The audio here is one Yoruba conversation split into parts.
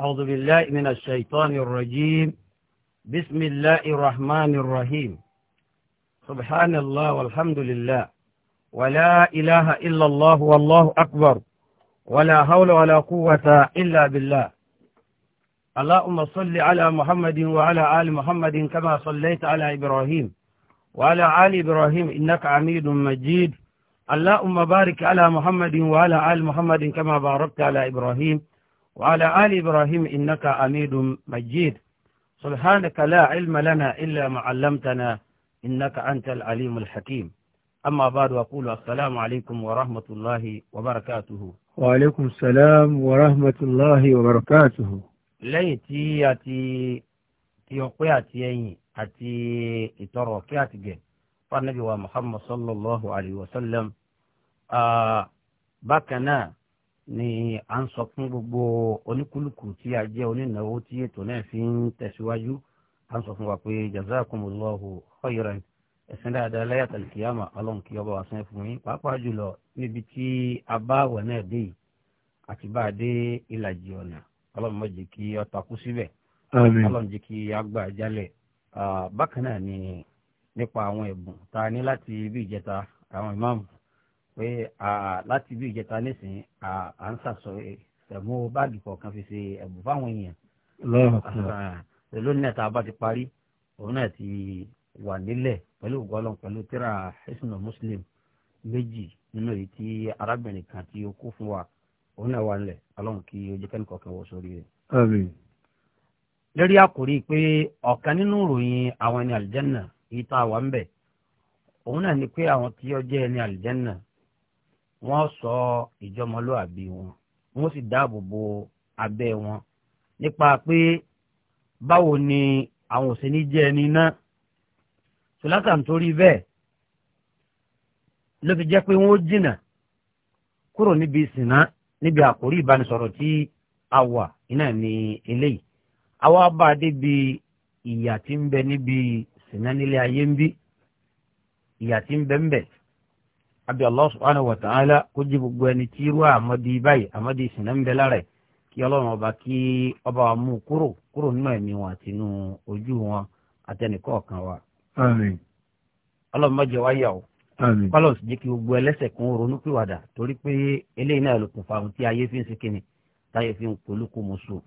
أعوذ بالله من الشيطان الرجيم بسم الله الرحمن الرحيم سبحان الله والحمد لله ولا إله إلا الله والله أكبر ولا حول ولا قوة إلا بالله اللهم صل على محمد وعلى آل محمد كما صليت على إبراهيم وعلى آل إبراهيم إنك عميد مجيد اللهم بارك على محمد وعلى آل محمد كما باركت على إبراهيم وعلى آل إبراهيم إنك أميد مجيد سبحانك لا علم لنا إلا ما علمتنا إنك أنت العليم الحكيم أما بعد أقول السلام عليكم ورحمة الله وبركاته وعليكم السلام ورحمة الله وبركاته ليتي أتي a أتي أتي ọpẹ́ àti ẹ̀yìn àti ìtọrọ kí a ti gẹ̀ fún ni à ń sọ fún gbogbo oníkúlùkù tí a jẹ́ onínáwó tí ètò náà fi ń tẹ̀síwájú à ń sọ fún wa pé jazakumullahu khairan ẹ̀sìn dáadáa láyàtọ̀ kìyàmà ọlọ́run kí ọba wa sẹ́ fún yín pàápàá jùlọ níbi tí a bá wọ̀ náà dé yìí àti bá a dé ìlàjì ọ̀nà ọlọ́run má jẹ́ kí ó takú síbẹ̀ ọlọ́run jẹ́ kí a gbà jálẹ̀ bákan náà ni nípa àwọn ẹ̀bùn tá a ní láti ibi ìjẹta àwọn ìmáàmù pé láti bí ìjẹta nísìnyí à ń sàṣọ ẹ̀mú báàgì kọ̀ọ̀kan fi ṣe ẹ̀bùn fáwọn èèyàn. lónìí tá a bá ti parí òun náà ti wà nílẹ̀ pẹ̀lú ògbọ́lọ́ pẹ̀lú tíra ẹ̀sìn muslim méjì nínú èyí tí arábìnrin kan tí ó kó fún wa òun náà wà nílẹ̀ ọlọ́run kí ojú kẹ́nìkọ̀ọ̀kan wọ sórí rẹ̀. àmín lórí àkòrí pé ọ̀kan nínú ìròyìn àwọn ẹni àlìjẹ́nà yìí tá a wà ń bẹ̀ òun náà ni pé àwọn tí ó jẹ́ ẹni àlìjẹ́nà wọ́n sọ ìjọmọlúàbí wọn wọ́n sì dáàbò bo abẹ́ wọn nípa pé báwo ni àwọn òsínì jẹ́ ẹni náà sùlátà ń torí bẹ́ẹ̀ ló fi jẹ́ pé wọ́n jìnà kúrò níbi ìsìnà níbi àkórí ìbánisọ̀rọ̀ tí a wà iná ní eléyìí àwa bá a débi ìyà tí ń bẹ níbi ìsìnà nílé ayé ń bí ìyà tí ń bẹ ń bẹ àbí Allah subhanahu wa ta'ala kó jí gbogbo ẹni tí irú àmọ́dí báyìí àmọ́dí ìsìnà ń bẹ lára ẹ̀ kí ọlọ́run ọba kí ọba wa mú kúrò kúrò nínú ẹ̀mí wọn àti inú ojú wọn àtẹnìkọ̀ọ̀kan wa. àmín. ọlọ́run má jẹ́ wáyà o. àmín. kọ́lọ̀ sì jẹ́ kí gbogbo ẹlẹ́ṣẹ̀ kún ronúpìwàdà torí pé eléyìí náà ló kún fa ohun tí ayé fi ń ṣe kíni táyé fi ń polúkú musu.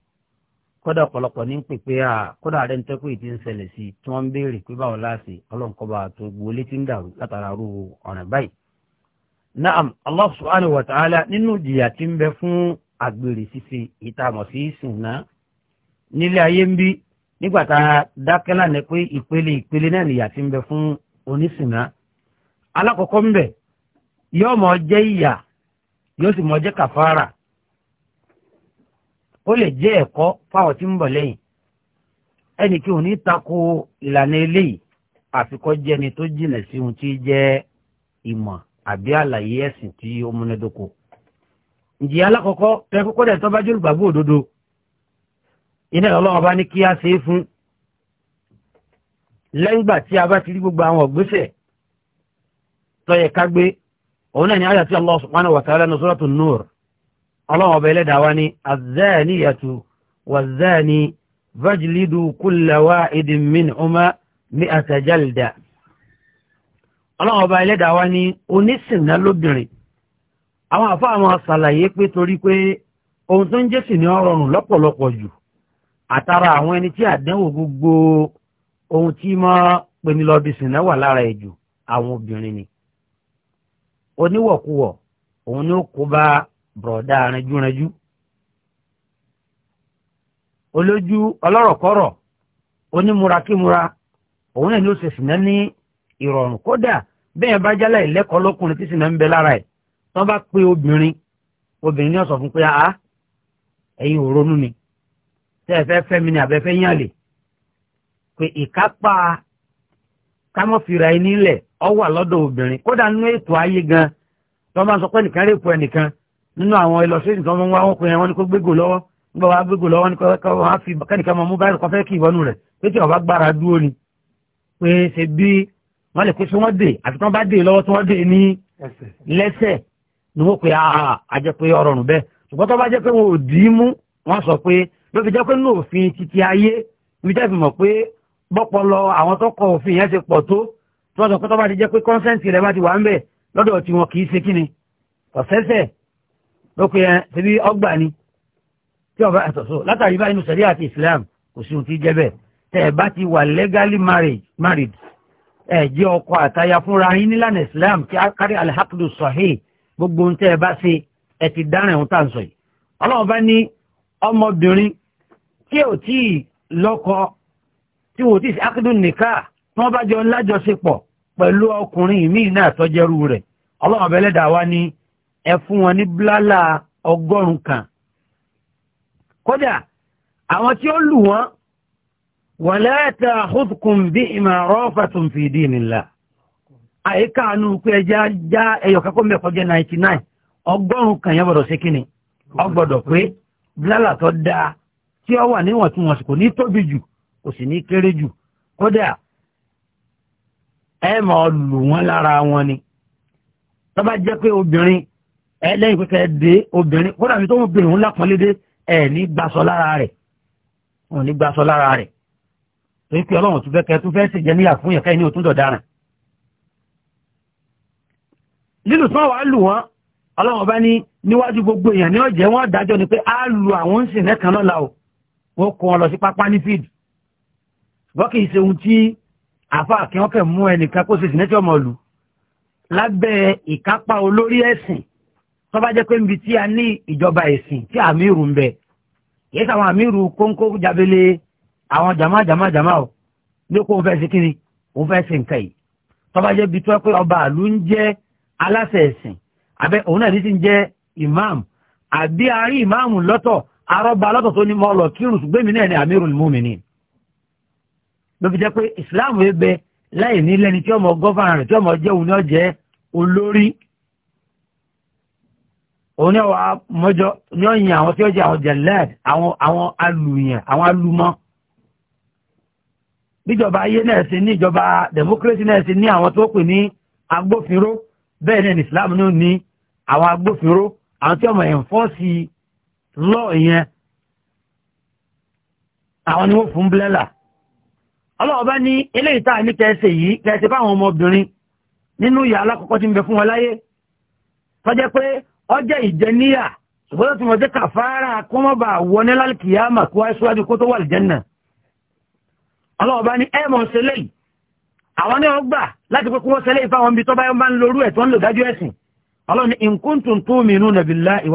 kódà ọ̀pọ̀lọpọ̀ ní pè pé a rẹ̀ ń tẹ́kọ̀ ìdí ń ṣẹlẹ̀ sí i tí wọ́n ń béèrè pé báwo láàṣì ọlọ́run kọ́ bá a tó gbogbo létí ń dàrú látara rú ọ̀ràn báyìí Naam, Allah subhanahu wa ta'ala nínú ìjìyà ń bẹ fún sisi ita ìtàmọ̀ si nílé ayé ń bí nígbà tá a dákẹ́ lánàá pé ìpele ìpele náà nìyà tí ń bẹ fún onísìnná. Alákọ̀ọ́kọ́ ń bẹ mọ̀ jẹ́ je tako ohun àbí àlàyé ẹ̀sìn tí ó múnádóko ǹjẹ́ alákọ̀ọ́kọ́ tẹ́kọ́kọ́ dẹ̀ tọ́ba jùlọ gbàgbọ́ òdodo iná ọlọ́run bá ní kí a ṣe é fún lẹ́yìn ìgbà tí a bá ti rí gbogbo àwọn ọ̀gbésẹ̀ tó yẹ ká gbé òun náà ni àyà tí Allah subhanahu wa ta'ala ní Suratul Nur ọlọ́run ọba ẹlẹ́dàá wa ní az-zaniyatu waz-zani fajlidu kulla wahidin minhuma mi'ata jalda. ọlọ́run ọba ẹlẹ́dàá wa ní onísìnà lóbìnrin àwọn àfáà máa ṣàlàyé pé torí pé ohun tó ń jẹ́ ní ọrọ̀rùn lọ́pọ̀lọpọ̀ jù àtàrà àwọn ẹni tí àdánwò gbogbo ohun tí mọ́ pèmí lára ni oníwọ̀kuwọ̀ òun ni ó kó bá bùrọ̀dá rẹjúrẹjú olójú ọlọ́rọ̀kọ́rọ̀ òun náà ni ó bẹ́ẹ̀ bá jálẹ̀ ìlẹ́kọ̀ọ́ lọ́kùnrin tí sì na ń bẹ lára ẹ̀ tán bá pé obìnrin obìnrin ní ọ̀sọ̀ fún pé a ẹ̀yin ò ronú ni tẹ́ ẹ fẹ́ fẹ́ mi ni yín àlè pé ìkápá kámọ́fìrà ẹni nílẹ̀ ọ wà lọ́dọ̀ obìnrin kódà nínú ètò ayé gan sọ nìkan rèpo ẹnìkan nínú àwọn ìlọsíwèsì wá wọn wọn ni kó lọ́wọ́ nígbà wàá lọ́wọ́ ni á fi kẹ́nìkan wọ́n lè pé tí wọ́n dè àti tí wọ́n bá dè lọ́wọ́ tí wọ́n dè ní lẹ́sẹ̀ ni wọ́n pe àjẹ́ ah, ah, ah, pé ọ̀rọ̀ rùn bẹ́ẹ̀ ṣùgbọ́n tó bá jẹ́ pé wọn ò dì í mú wọ́n sọ pé ló fi jẹ́ pé nínú òfin títí ayé ibi tẹ́ fi mọ̀ pé bọ́pọlọ àwọn tó kọ òfin yẹn ti pọ̀ tó tí wọ́n sọ pé tó bá ti jẹ́ pé kọ́nsẹ́ǹtì rẹ̀ bá ti wà ń bẹ̀ lọ́dọ̀ tí wọn kì í ṣe kí ni ọ̀sẹ̀sẹ̀ ló pe ẹ síbi ọgbà ni tí ọba ẹ̀sọ̀sọ̀ látàrí báyìí nù sẹ̀rí àti Islam kò sí ohun tí jẹ́ bẹ́ẹ̀ tẹ́ bá ti wà legally married ẹ jẹ́ ọkọ àtaya fúnra yín nílànà islam kí a kárí alhaqdu sahih gbogbo ohun tẹ́ ẹ bá ṣe ẹ ti dáràn ohun tá à ń sọ yìí ọlọ́run bá ní ọmọbìnrin tí ò tí ì lọ́kọ tí wò ó tí ì sí akídùn nìka tí wọ́n bá jọ lájọṣepọ̀ pẹ̀lú ọkùnrin míì náà tọ́jẹ́rú rẹ̀ ọlọ́run ọba ẹlẹ́dàá wa ní ẹ fún wọn ní bílálà ọgọ́rùn-ún kan kódà àwọn tí ó lù wọ́n wàlá ta'khudhukum bihima rafatun fi dinillah. àyíká àánú pé ẹja já ẹyọ kakọ́ mẹ́kọ́ jẹ́ ninety nine ọgọ́rùn-ún kan yẹn gbọ́dọ̀ ṣe kínni ọgbọ́dọ̀ pé bílálà tó dáa tí ó wà níwọ̀ntúnwọ̀nsì kò ní tóbi jù kò sì ní kéré jù kódà ẹ máa lù wọ́n lára wọn ni tó bá jẹ́ pé obìnrin ẹ pé kẹ́ẹ́ dé obìnrin kódà mi tó ń bèrè ńlá kan lédè ẹ ní gbàsọ lára rẹ̀ torí pé ọlọ́run tún fẹ́ kẹ́ tún fẹ́ ṣe jẹ níyà fún yẹn kẹ́yìn ní òtún dọ̀daràn lílù tí wọ́n wá lù wọ́n ọlọ́run bá ní níwájú gbogbo èèyàn ní ọ̀jẹ̀ wọ́n dájọ́ ni pé á lu àwọn ń sìn lẹ́kan lọ́la o wọ́n kó wọn lọ sí pápá ní fíìdì ṣùgbọ́n kì í ṣe ohun tí àfa àkẹ́wọ́kẹ́ mú ẹnìkan kó ṣe sì nẹ́tí ọmọ lù lábẹ́ ìkápá olórí ẹ̀sìn tó bá jẹ́ pé níbi tí a ní ìjọba ẹ̀sìn tí àmì ìrù ń bẹ kì í àmì ìrù kóńkó jábélé àwọn jama jama jama o ní kó o fẹ́ ṣe kíni o fẹ́ ṣe nǹkan yìí tọ́ba jẹ́ bi tó pé ọba àlú ń jẹ́ aláṣẹ abẹ́ òun náà ní ń jẹ́ imam àbí arí imam lọ́tọ̀ arọ́ba lọ́tọ̀ tó ní mọ́ lọ kírun ṣùgbọ́n èmi náà ní amirul muminin ló fi jẹ́ pé islam yẹn bẹ láì ní lẹ́ni tí ọmọ gọ́fàrán rẹ̀ tí ọmọ jẹ́ òun náà jẹ́ olórí òun náà wà mọ́jọ ní ọ̀yìn àwọn tí ó jẹ́ àwọn jẹ̀lẹ́d àwọn alùyàn àwọn alùmọ́ bíjọba ayé náà ti ní ìjọba democracy náà ti ní àwọn tó pè ní agbófinró bẹ́ẹ̀ ni ní islam náà ní àwọn agbófinró àwọn tí ọmọ ẹ̀ǹfọ́ọ̀sì lọ ìyẹn àwọn ni wọ́n fún blẹ́là ọlọ́wọ́ bá ní eléyìí tá a ní kẹsẹ̀ yìí kẹsẹ̀ fáwọn ọmọbìnrin nínú ìyá alákọ̀ọ́kọ́ ti ń bẹ fún wọn láyé tọ́jẹ́ pé ọjẹ́ ìjẹníyà ṣùgbọ́n tó ti mọ̀ jẹ́ kàfárà kó mọ́ bá síwájú kó wà lìjẹ́ ọlọ́wọ́ bá ní ẹ̀mọ̀ ṣẹlẹ̀ àwọn ní ọgbà láti pé wọ́n ṣẹlẹ̀ ìfáwọn ibi tó bá ń lorú ẹ̀ ń lò dájú ẹ̀sìn ọlọ́run ní in kuntum tu'minuna billahi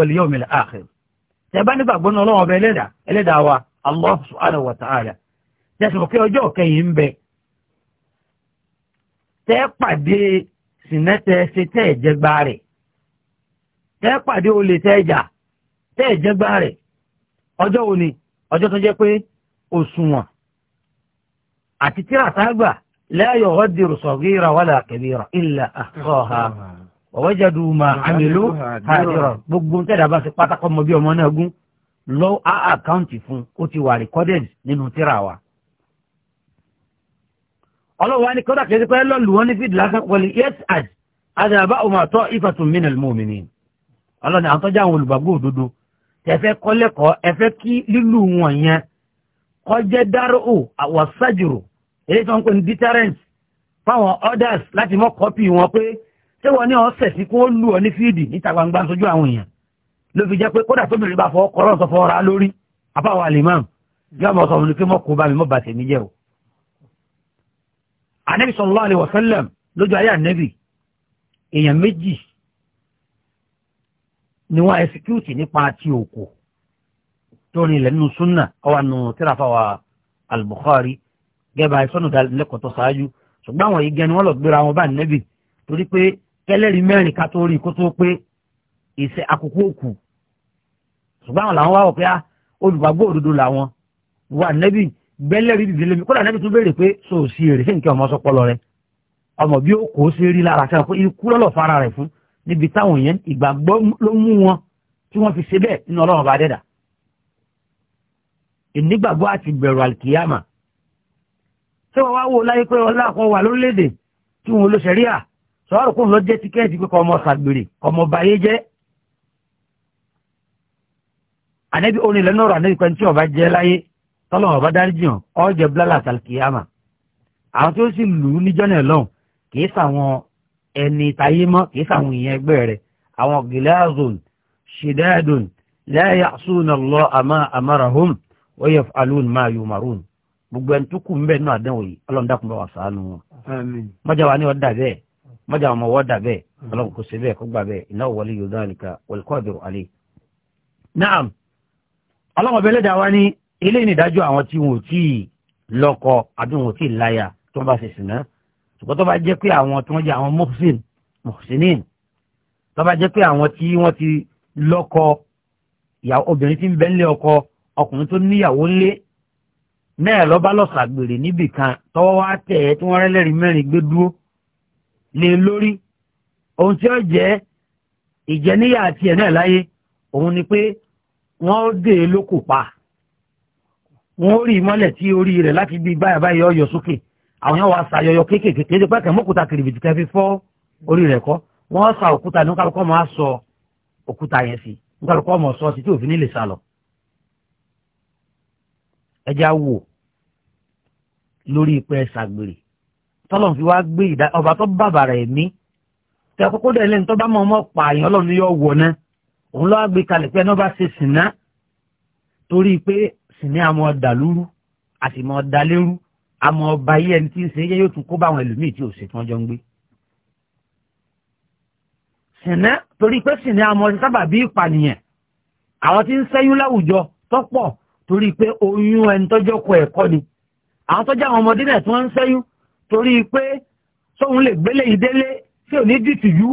ọjọ́ àti tíra tágbà la yughadiru saghira wala kabira illa ahsaha wa wajadu ma amilu hadira gbogbo tẹ́lẹ̀ bá ṣe pátákọ́ mọ bí ọmọ náà gún lọ á àkáǹtì fún ó ti wà recorded nínú tíra wa ọlọ́wọ́ ni kọ́dà kẹ́sí pé lọ́lù wọn ní fídì lásán wọlé yẹ́sì àjì àdàbà òun àtọ́ ìfàtún mí nàlùmọ́ mi ni ọlọ́ni àwọn tọ́jà olùgbàgbọ́ òdodo tẹ̀fẹ́ kọ́lẹ́kọ̀ọ́ ẹ̀fẹ́ kí lílù wọn yẹn kọjẹ́ dárò àwọ̀sájòrò èyí tó ń pè ní deterrent fáwọn others láti mọ́ kọ́pì wọn pé ṣé wọ́n ní ọ̀sẹ̀ sí kó lù ọ ní fíìdì níta gbangba sójú àwọn èèyàn ló fi jẹ́ pé kódà tóbìnrin bá fọwọ́ kọ́rọ́ sọ fọwọ́ ra lórí àbáwọ̀ àlèmọ́ yóò mọ̀ sọ fún mi pé mọ̀ kó bá mi mọ̀ bàtẹ̀ mi jẹ́ o. anabi sallallahu alaihi wasallam lójú ayé anabi èèyàn méjì ni wọ́n execute nípa ti òkú tó rin ilẹ̀ nínú súnà ọwà nù tíráfà wa al-Bukhari gẹ́gẹ́ àìsàn ọ̀dà lẹ́kọ̀ọ́ tó ṣáájú ṣùgbọ́n àwọn igi ẹni wọ́n lọ gbéra wọn bá nẹ́bì torí pé kẹlẹ́rìí mẹ́rin ká tó rí kó tó pé ìṣe àkókò òkú ṣùgbọ́n àwọn làwọn wá wọ̀ pé á ah, olùgbàgbọ́ òdodo làwọn wà nẹ́bì gbẹ́lẹ́rìí dìde lémi kódà nẹ́bì tún béèrè pé so sí èrè sí nǹkan ọmọ sọpọlọ rẹ ọmọ bí ó kò ó ṣe rí lára sẹ́wọ̀n pé ikú lọ́lọ́ fara rẹ̀ fún níbi táwọn yẹn ìgbàgbọ́ ló mú wọn tí wọ́n fi ṣe bẹ́ẹ̀ nínú ọlọ́run bá dẹ́dà ìnígbàgbọ́ àti bẹ̀rù àlìkìyàmà ṣé wọ́n wá wò láyé pé ọlá kan wà lórílẹ̀‐èdè tí wọn ló ṣẹ̀ríà sọ́ọ́rọ̀ kóun lọ jẹ́ tíkẹ́ẹ̀tì pé kọ́mọ ṣàgbèrè kọ́mọ bayé jẹ́ ànẹ́bí orin lẹ́nu ọ̀rọ̀ ànẹ́bí pẹ́ntì ọba jẹ́ láyé tọ́lọ́mọ ọba dáríjì hàn ọ́jẹ́ blálà àtàlìkìyàmà àwọn tí ó sì lù ú níjọ́ náà lọ́hùn kì sàwọn ẹni tayé mọ́ kì sàwọn ìyẹn ẹgbẹ́ rẹ̀ àwọn gilazun shidadun la ya'suna àmà àmàràhùn wa yaf'alun ma yumarun gbogbo ẹni tó kù ń bẹ̀ nínú àdánwò yìí ọlọ́run dákun bá wà ṣàánú wọn. mọ́jà wa ni wọ́n dà bẹ́ẹ̀ mọ́jà wọn wọ́n dà bẹ́ẹ̀ ọlọ́run kò ṣe bẹ́ẹ̀ kó gbà bẹ́ẹ̀ innahu waliyyu dhalika wal qadiru alayh. naam ọlọ́run ọbẹ̀ lẹ́dàá wa ní ilé ìdájọ́ àwọn tí wọn ò tí ì lọ́kọ àbí wọn ò tí ì láya tó bá ṣe sìnà ṣùgbọ́n tó bá jẹ́ pé àwọn tí wọ́n jẹ́ àwọn muhsin muhsinin tó bá jẹ́ pé àwọn tí wọ́n ti lọ́kọ ìyàwó obìnrin tí ń bẹ nílé ọkọ ọkùnrin tó níyàwó lé náà lọ́ba lọ́sàgbèrè níbì kan tọ́wọ́ wá tẹ̀ ẹ́ tí wọ́n rẹ́lẹ́rìí mẹ́rin gbé dúró lé e lórí ohun tí ó jẹ́ ìjẹníyà àti ẹ̀ náà láyé òun ni pé wọ́n dè é lókò pa wọ́n ó rí ìmọ́lẹ̀ tí orí rẹ̀ láti bí báyà báyà ọyọ sókè àwọn yẹn wàá ṣàyọyọ kéékèèké kéde pẹ́kẹ́ mọ́kúta kìrìbìtì kẹfí fọ́ orí rẹ̀ kọ́ wọ́n sa òkúta ní kálukọ́ máa sọ òkúta yẹn sí ní kálukọ́ sọ sí tí òfin ní lè sá lọ ẹja wò lórí ìpẹ́ ṣàgbèrè tọ́lọ̀ fi wá gbé ìdá ọba tó bàbàrà ẹ̀mí tẹ kókó dẹ̀ lẹ́nu tó bá mọ̀ ọmọ pa àyàn ọlọ́run yóò wọ̀ náà òun lọ́wọ́ gbé kalẹ̀ pé ẹni ọba ṣe sìnà torí pé sìnà àmọ́ ọ̀dà lúrú àti mọ̀ ọ̀dà lérú àmọ́ ọba yìí ẹni tí ń ṣe yẹ́ yóò tún kó bá àwọn ẹlòmíì tí ò ṣe tí wọ́n ń gbé. sìnà torí pé sìnà àmọ́ sábàbí ìpànìyàn àwọn tí ń ṣẹ́yún láwùjọ tọ́pọ̀ torí pé oyún ẹni tọ́jọ́ kọ ẹ̀kọ́ ni àwọn tọ́jà àwọn ọmọdé náà tí wọ́n ń sẹ́yún torí pé sóun lè gbélé ìdélé tí ò ní yú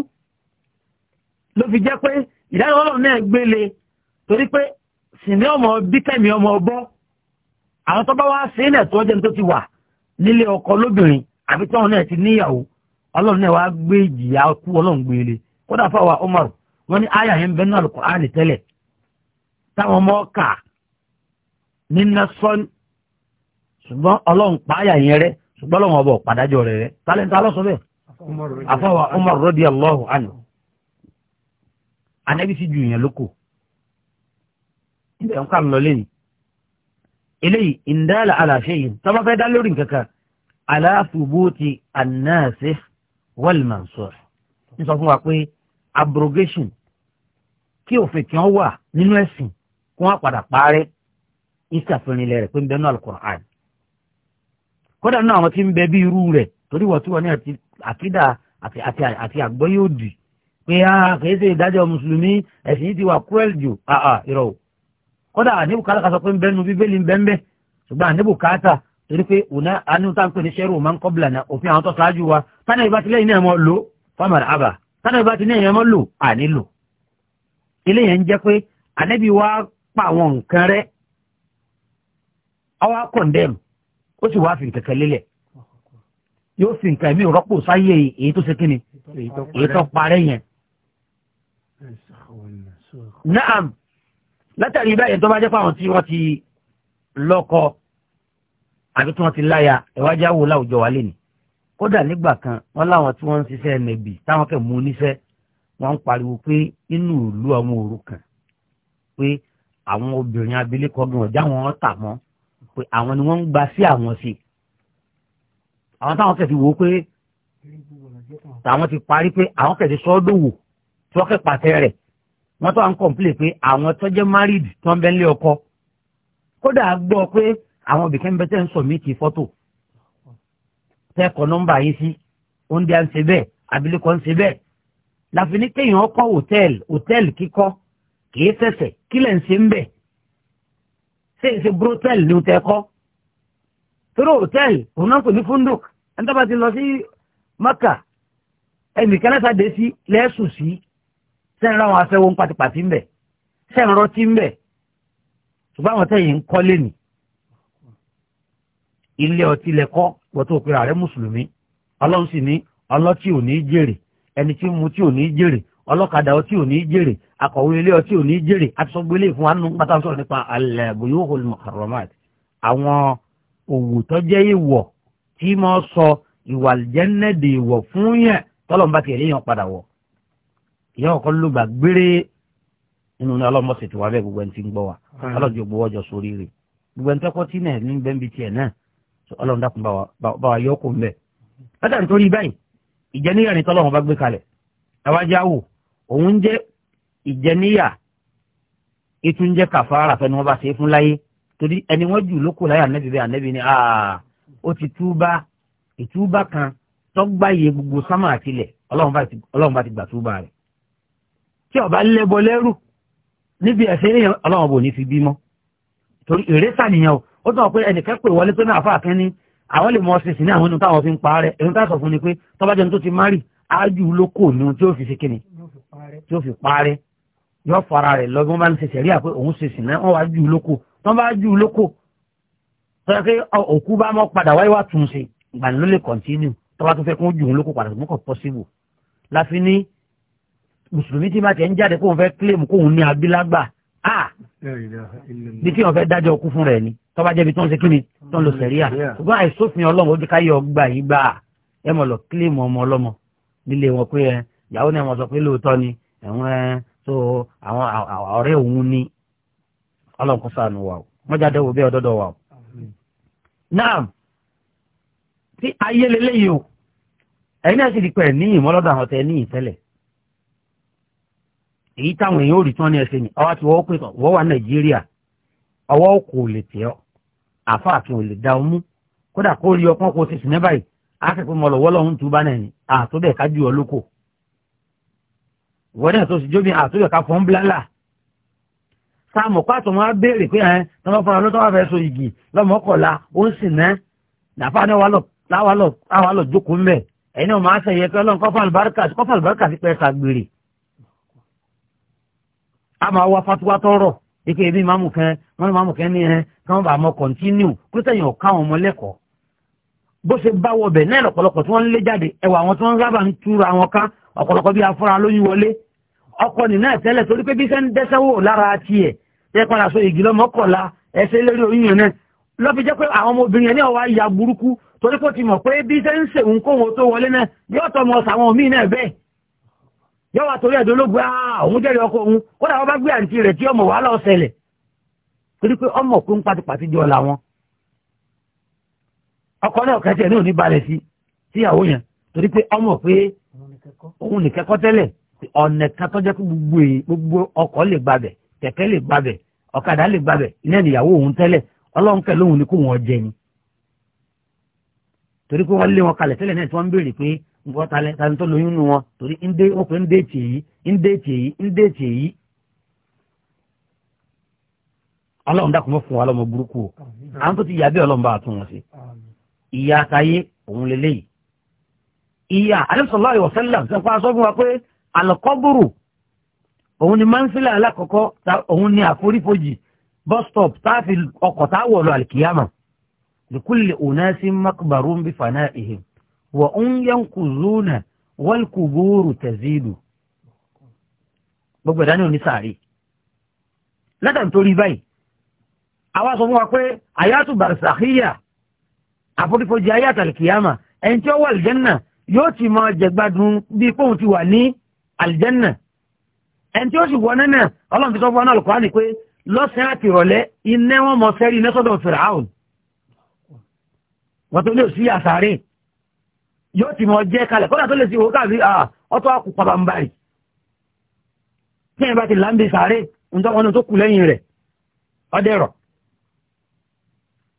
ló fi jẹ́ pé ìdájọ́ ọlọ́run náà gbélé torí pé sìnì ọmọ bí ọmọ ọbọ́ àwọn wá wà nílé ọkọ lóbìnrin àbí tí wọn náà ti níyàwó ọlọ́run náà wàá gbé ìjìyà kú ọlọ́run gbélé kódà fáwọn wọn ní àyà yẹn náà tẹ́lẹ̀ nínà sọ́n ṣùgbọ́n ọlọ́run pààyà yẹn rẹ ṣùgbọ́n ọlọ́run ọbọ̀ pàdájọ́ rẹ rẹ tálẹ́ntà lọ́sọ bẹ́ẹ̀ afọwà Umar radiyallahu Allahu Anu sì ju yẹn lóko ibẹ̀ ń kà ń lọ lẹ́yìn eléyìí ìndáàlà àlàáfíà yìí tọ́ba fẹ́ dá lórí nǹkankan aláàfùbọ́tì ànáàṣẹ wọ́lmọ̀nsọ̀ ń sọ fún wa pé abrogation kí òfin kí wọ́n wà nínú ẹ̀sìn kí wọ́n padà parẹ́ ìsàfihàn rẹ̀ pé ń bẹ nínú alukur'an kódà nínú àwọn tí ń bẹ bí irú rẹ̀ torí wọ́n tí wọ́n ní àti àkídà àti àti àti àgbọ́ yóò dì pé a ah, kìí ṣe ìdájọ́ mùsùlùmí ẹ̀sìn yìí ti wà cruel jù àà ah, ìrọ̀ ah, o kódà àníbùkátà ká sọ pé ń bẹ nínú bíbélì ń bẹ ń bẹ ṣùgbọ́n àníbùkátà torí pé òun àánú tá ń pè ní ṣẹ́rù máa ń kọ́bìlà náà òfin àwọn tó ṣáájú wa tánà ìbá pa àwọn ọwọ́ condemn. ó sì wáá fi kẹ̀kẹ́ lélẹ̀ yóò fi nǹkan ẹ̀mí rọ́pò sáyé èyí tó ṣe kíni èyí tó parẹ́ yẹn. naam látàrí báyìí tó bá jẹ́ fáwọn tí wọ́n ti lọ́kọ àbí tí wọ́n ti láya ẹ̀wájú àwò láwùjọ wa lénìí kódà nígbà kan wọ́n láwọn tí wọ́n ń ṣiṣẹ́ ẹnẹ̀bì táwọn kẹ̀ mú níṣẹ́ wọ́n ń pariwo pé inú ìlú àwọn òrukàn pé àwọn obìnrin abilékọ gan ọ̀já wọn tà mọ́ pé àwọn ni wọ́n ń gba sí àwọn sí àwọn táwọn kẹ̀ ti wò ó pé táwọn ti parí pé àwọn kẹ̀ ti sọ ọ́ dòwò tí wọ́n kẹ̀ pàtẹ rẹ̀ wọ́n tó à ń kọ̀m̀plé pé àwọn tó jẹ́ married tó ń bẹ ń lé ọkọ kódà gbọ́ pé àwọn bìkẹ́ ń bẹ tẹ́ ń sọ mí ti fọ́tò tẹ́kọ̀ nọ́mbà yìí sí oúnjẹ ń ṣe bẹ́ẹ̀ abilékọ ń ṣe bẹ́ẹ̀ láfi ní kéèyàn kọ́ hòtẹ́ẹ̀lì hòtẹ́ẹ̀lì kíkọ́ kì í fẹsẹ̀ kílẹ̀ ń ṣe ń bẹ̀ ṣé ìṣe brotel ni o tẹ kọ́ torí hòtẹ́ẹ̀lì òun náà kò ní fúndùk ẹni tó bá ti lọ sí maka ẹnìkan náà sáde sí lẹ́sùn sí sẹ́ni ráwọn afẹ́wọ́ ń pàtìpàtì ń bẹ̀ sẹ́ni rọtí ń bẹ̀ ṣùgbọ́n àwọn tẹ̀yìn ń kọ́lé nì ilé ọtí lẹ́kọ́ wọ́tò òpin ààrẹ mùsùlùmí ọlọ́run sì ní ọlọ́tí ò ní jèrè ẹni tí mu tí ò ní jèrè ọlọ́kadà ọtí ò ní jèrè akọ̀wé ilé ọtí ò ní jèrè àtisọ́gbélé fún wa nínú pátá sọ̀rọ̀ nípa al-buyuhul muharramat àwọn òwò tó jẹ́ ìwọ̀ tí mo sọ ìwà àlìjẹ́nẹ́ dè ìwọ̀ fún yẹn tọ́lọ̀ ń bá tiẹ̀ léèyàn padà wọ̀ ìyá ọkọ ló gbà gbére nínú ní ọlọ́mọ̀sẹ̀ tí wàá bẹ́ẹ̀ gbogbo ẹni tí ń gbọ́ wa ọlọ́jọ́ gbowó ọjọ́ sórí rẹ̀ gbogbo ẹni tẹ́kọ́ tí náà ní ni tọ́lọ́run bá gbé kalẹ̀ ẹ òun jẹ́ ìjẹníyà ìtún jẹ́ kàfàrà fẹ́ni wọ́n bá ṣe é fún láyé torí ẹni wọ́n jù lóko láyé ànẹ́bí bẹ́ẹ̀ ànẹ́bí ni ó ti túbá ìtúbá kan tọ́gbàyè gbogbo sámà àtìlẹ̀ ọlọ́run bá ti gbà túbá rẹ̀ tí ó bá lẹ́bọ lẹ́rù níbi ẹ̀ṣẹ̀ èèyàn ọlọ́run bò ní fi bímọ torí ìrẹ́sà nìyẹn o ó tàn pé ẹnìkan pè wọlé pé náà àfa àkẹ́ni àwọn lè mọ ọsẹsìn ní àwọn ohun táwọn fi ń pa rẹ ohun tá sọ fún ni pé tọ́bajẹ́ni tó ti márì ájú ló kò ní ohun tí ó fi ṣe kíni tí ó fi parí yọ fara rẹ̀ lọ́gbọ́n bá ń ṣe sẹ̀ríà pé òun ṣe sìnà wọ́n wá jù ú lóko wọ́n bá jù ú lóko tọ́jà pé òkú bá mọ́ padà wáyé wá tún ṣe ìgbàni ló lè kọ̀ntínú tọ́ba tó fẹ́ kó jù ú lóko padà mọ́kàn pọ́síbù láfi ní mùsùlùmí tí máa tẹ̀ ń jáde kóun fẹ́ kílèmù kóun ní abilágbà ah bí kí wọn fẹ́ dájọ́ òkú fún rẹ̀ ni tọ́ba jẹ́bi tó ń ṣe kíni tó ń lo sẹ̀ríà ṣùgbọ́n àìsófin ọlọ́run ó dé káyọ̀ gbà yí gbà ẹ mọ̀ lọ kílèmù ọlọ́mọ ìyàwó náà wọ́n sọ pé lóòótọ́ ni ẹ̀wọ̀n ẹ̀ tó àwọn ọ̀rẹ́ òun ni ọlọ́nkọ́ sànù wà o mọ́jáde wò bí ọ̀dọ́dọ̀ wà o. náà tí ayé lélẹ́yìí o ẹ̀yin náà sì ti pẹ̀ ní ìmọ́lọ́dọ̀ àwọn tẹ ní ìtẹ́lẹ̀ èyí táwọn èèyàn ò rí tán ní ẹsẹ̀ ni ọwọ́ tí wọ́n pè tán wọ́n wà nàìjíríà ọwọ́ kò lè tẹ̀ ọ́ àfáàfin ò lè da ọmú kódà kó rí ọpọ́n kó o ti sìn ní báyìí á sì pé mo lọ wọ́lọ́hún tú bá náà ni àtúbẹ̀ ká jù ọ lóko wọ́n náà tó sì jóbi àtúbẹ̀ ká fọ́n bílálà sáàmù pàtó wọn á béèrè pé ẹ tọmọ fúnra ló tọwọ fẹẹ so igi lọmọkọlá ó ń sìn náà nàfà ni àwa lọ jókòó mbẹ ẹyin náà máa sẹyẹ pé Ọlọ́run kọfà àlùbáríkà kọfà àlùbáríkà ti pẹ gbèrè a máa wá fatuwa tọrọ ike ebi mamu kan wọn ni mamu kan ni ẹ kí wọn bá mọ kọntínú kírísítẹ̀yìn ọ̀ka àwọn ọmọ lẹ́kọ̀ọ́ bó ṣe bá wọ bẹ̀ náà lọ́pọ̀lọpọ̀ tí wọ́n ń lé jáde ẹwà àwọn tí wọ́n rábà ń túra wọn ká ọ̀pọ̀lọpọ̀ bí afúnra lóyún wọlé ọkọ nìna ẹ̀tẹ́lẹ̀ torí pé bí sẹ́ ń dẹ́sẹ́wò lára tiẹ̀ tẹ́ padà so ìgì lọ́mọkànlá ẹsẹ̀ lórí oyún yẹn náà lọ́fi jẹ́ pé àwọn ọmọbìnrin yẹn ní ọwọ́ ya burúkú torí pé ó ti mọ̀ pé bí sẹ́ ń sèwọ̀n kóhun tó wọlé náà yóò tọ́ mọ sàwọn míì náà bẹ́ẹ̀ yóò wá torí ẹ̀dọ́ ológun àwọn ah, jẹ́rìí ọkọ òun kódà wọ́n bá gbé àǹtí rẹ̀ tí ọmọ wàhálà ọ̀sẹ̀lẹ̀ torí pé ọmọ òkú ń pátipàti jọ làwọn sí síyàwó yẹn torí pé ọmọ pé òun nìkẹ́ kọ́ tẹ́lẹ̀ ọ̀nà kan tó jẹ́ gbogbo èyí gbogbo ọkọ̀ lè gbabẹ̀ kẹ̀kẹ́ lè gbabẹ̀ ọ̀kadà lè gbabẹ̀ iná ìyàwó òun tẹ́lẹ̀ ọlọ́run kẹ́ lóhun ni kó wọn jẹ ni torí pé wọ́n lé wọn kalẹ̀ tẹ́lẹ̀ náà tí wọ́n ń béèrè pé nǹkan tó lóyún wọn torí ń dé pé ń dé ìyà alẹ́sọ̀lá ìwọ̀sẹ́lẹ̀ ṣẹ̀fọ́ aṣọ fún wa pé alọ́kọ́bùrù òun ni mansila alákọ̀ọ́kọ́ òun ni àforífojì bus stop táàfin ọkọ̀ táwọ̀ lọ àlìkìyàmà lìkúlì ònàṣì makbarun bí fana ìhìn wà ń um yẹnku zuna wọlkùbúrù tẹ̀síìlù gbogbo ìdáni òní sàárè látàn torí báyìí àwa sọ fún wa pé àyàtú barisakhiya àforífojì àyàtàlìkìyàmà ẹni tí ó yóò ti máa jẹ̀gbádùn bí póun ti wà ní àlìjẹ́nà ẹni tí ó sì wọ́n náà ọlọ́run ti sọ fún ọlọ́kọ́ ni pé lọ́sàn-án àti ìrọ̀lẹ́ iná wọn mọ sẹ́rí iná sọ́dọ̀ fìràhùn wọ́n tó lè sí àsáré yóò ti máa jẹ́ kalẹ̀ kọ́dà tó lè sí òkúta àbí ọtọ́ àkù pàbàmbarì tí ẹ bá ti láǹdì sáré ntọ́kọ́nù tó kù lẹ́yìn rẹ̀ ọdẹ̀rọ̀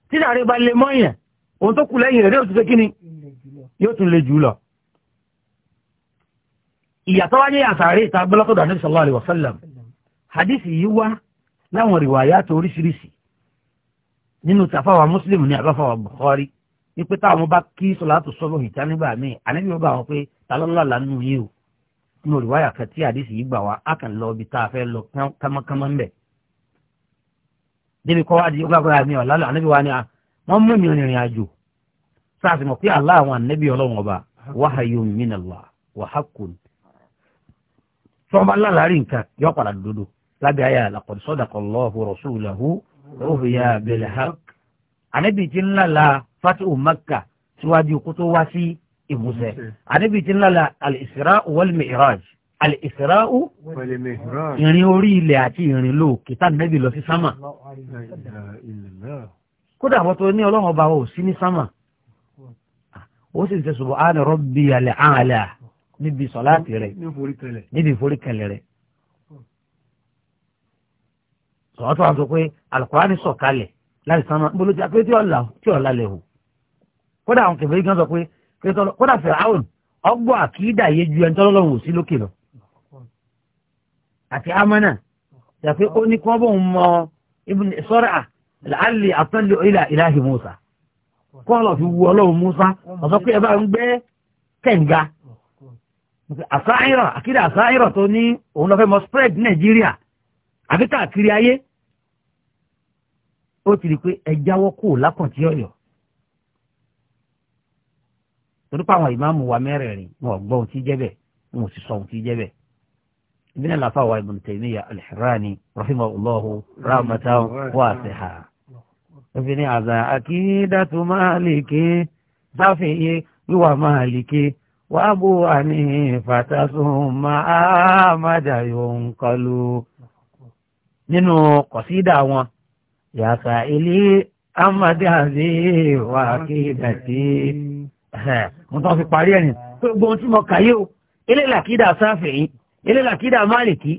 tí sáré bá lè mọ́yàn òun tó kù lẹ́yìn rẹ̀ yóò ti fẹ́ yóò tún lè jù lọ ìyàtọ̀ wáyé àsàárè ìta gbọ́lọ́tọ̀dọ̀ ànábì sallallahu alaihi wasallam hadith yìí wá láwọn rìwàyà tó oríṣiríṣi nínú tàfàwà muslim ní àbáfàwà bukhari wípé táwọn bá kí sọláàtù sọ́bọ̀ hìtá nígbà míì ànábì wọn bá wọn pé talọ́lá lánàá yìí o nínú rìwàyà kan tí hadith yìí gbà wá á kàn lọ ibi tá a fẹ́ lọ kámọ́kámọ́ ńbẹ̀ débi kọ́ sáàsì mọ̀ pé Allah àwọn ànábì ọlọ́run ọba wáhàyò mìnàlá wàhákùn tọ́ba lálàárí nǹkan yọ padà dodo lábẹ́ ayé àlàkọ̀dé sọ́dàkọ̀ lọ́hù rọ̀ṣúlàhù rọ̀hùyà bẹ̀lẹ̀hàk. ànábì ti ńlá la fatihu makka síwájú kó tó wá sí ìmúṣẹ ànábì ti ńlá la al-isra wal mi'raj al-isra wal mi'raj ìrìn orí ilẹ̀ àti ìrìn lóòkè tá lọ sí sámà kódà àwọn tó ní ọlọ́run ọba ò sí ní sámà ó sì ṣe subhana rabbiyal a'la níbi sọláàtì rẹ̀ níbi ìforíkẹlẹ̀ rẹ̀ sọ̀tọ̀ àti pé alukurani sọ̀kalẹ̀ láti sánmà níbo ló ti àpé tí ọ̀la tí ọ̀la lè hù kódà àwọn kẹfẹ́ yìí kan sọ pé kódà fìràhùn ọgbọ́n àkìdá yé ju ẹni tọ́lọ́lọ́hùn sí lókè lọ àti amánà yàtọ̀ ó ní kí wọ́n bọ̀ ń mọ ibùn sọ́ra làálì àtọ́lẹ̀ ìlà ìlàhì Musa kọ́ọ̀lọ̀ fi wu ọlọ́run musa ọ̀sọ́ pé ẹ bá ń gbé kẹ̀ǹga àsáírọ̀ àkírí àsáírọ̀ tó ní òun lọ́fẹ́ mọ spread nàìjíríà àbí káàkiri ayé ó ti rí i pé ẹ jáwọ́ kó o lákàntí ọ̀yọ́ torí pé àwọn ìmáàmù wa mẹ́rẹ̀ẹ̀rin wọn ò gbọ́ ohun tí jẹ́ bẹ́ẹ̀ wọn ò sì sọ ohun tí jẹ́ bẹ́ẹ̀ ibi náà làfáà wa Ibn Taymiyyah al-Harrani rahimahullahu rahmatan wasi'a obìnrin àzà àkídàtú máàlìkì sáfìyé wíwà máàlìkì wàá bò àní fàtàsùn máa májà yóò ń kọlu nínú kọ̀sídà wọn yàtà ilé amadi àbí wà àkídàtí mo tán fi parí ẹ̀yìn gbogbo ohun tí mo kàyé o eléyìí làkídà sáfìyé eléyìí làkídà máàlìkì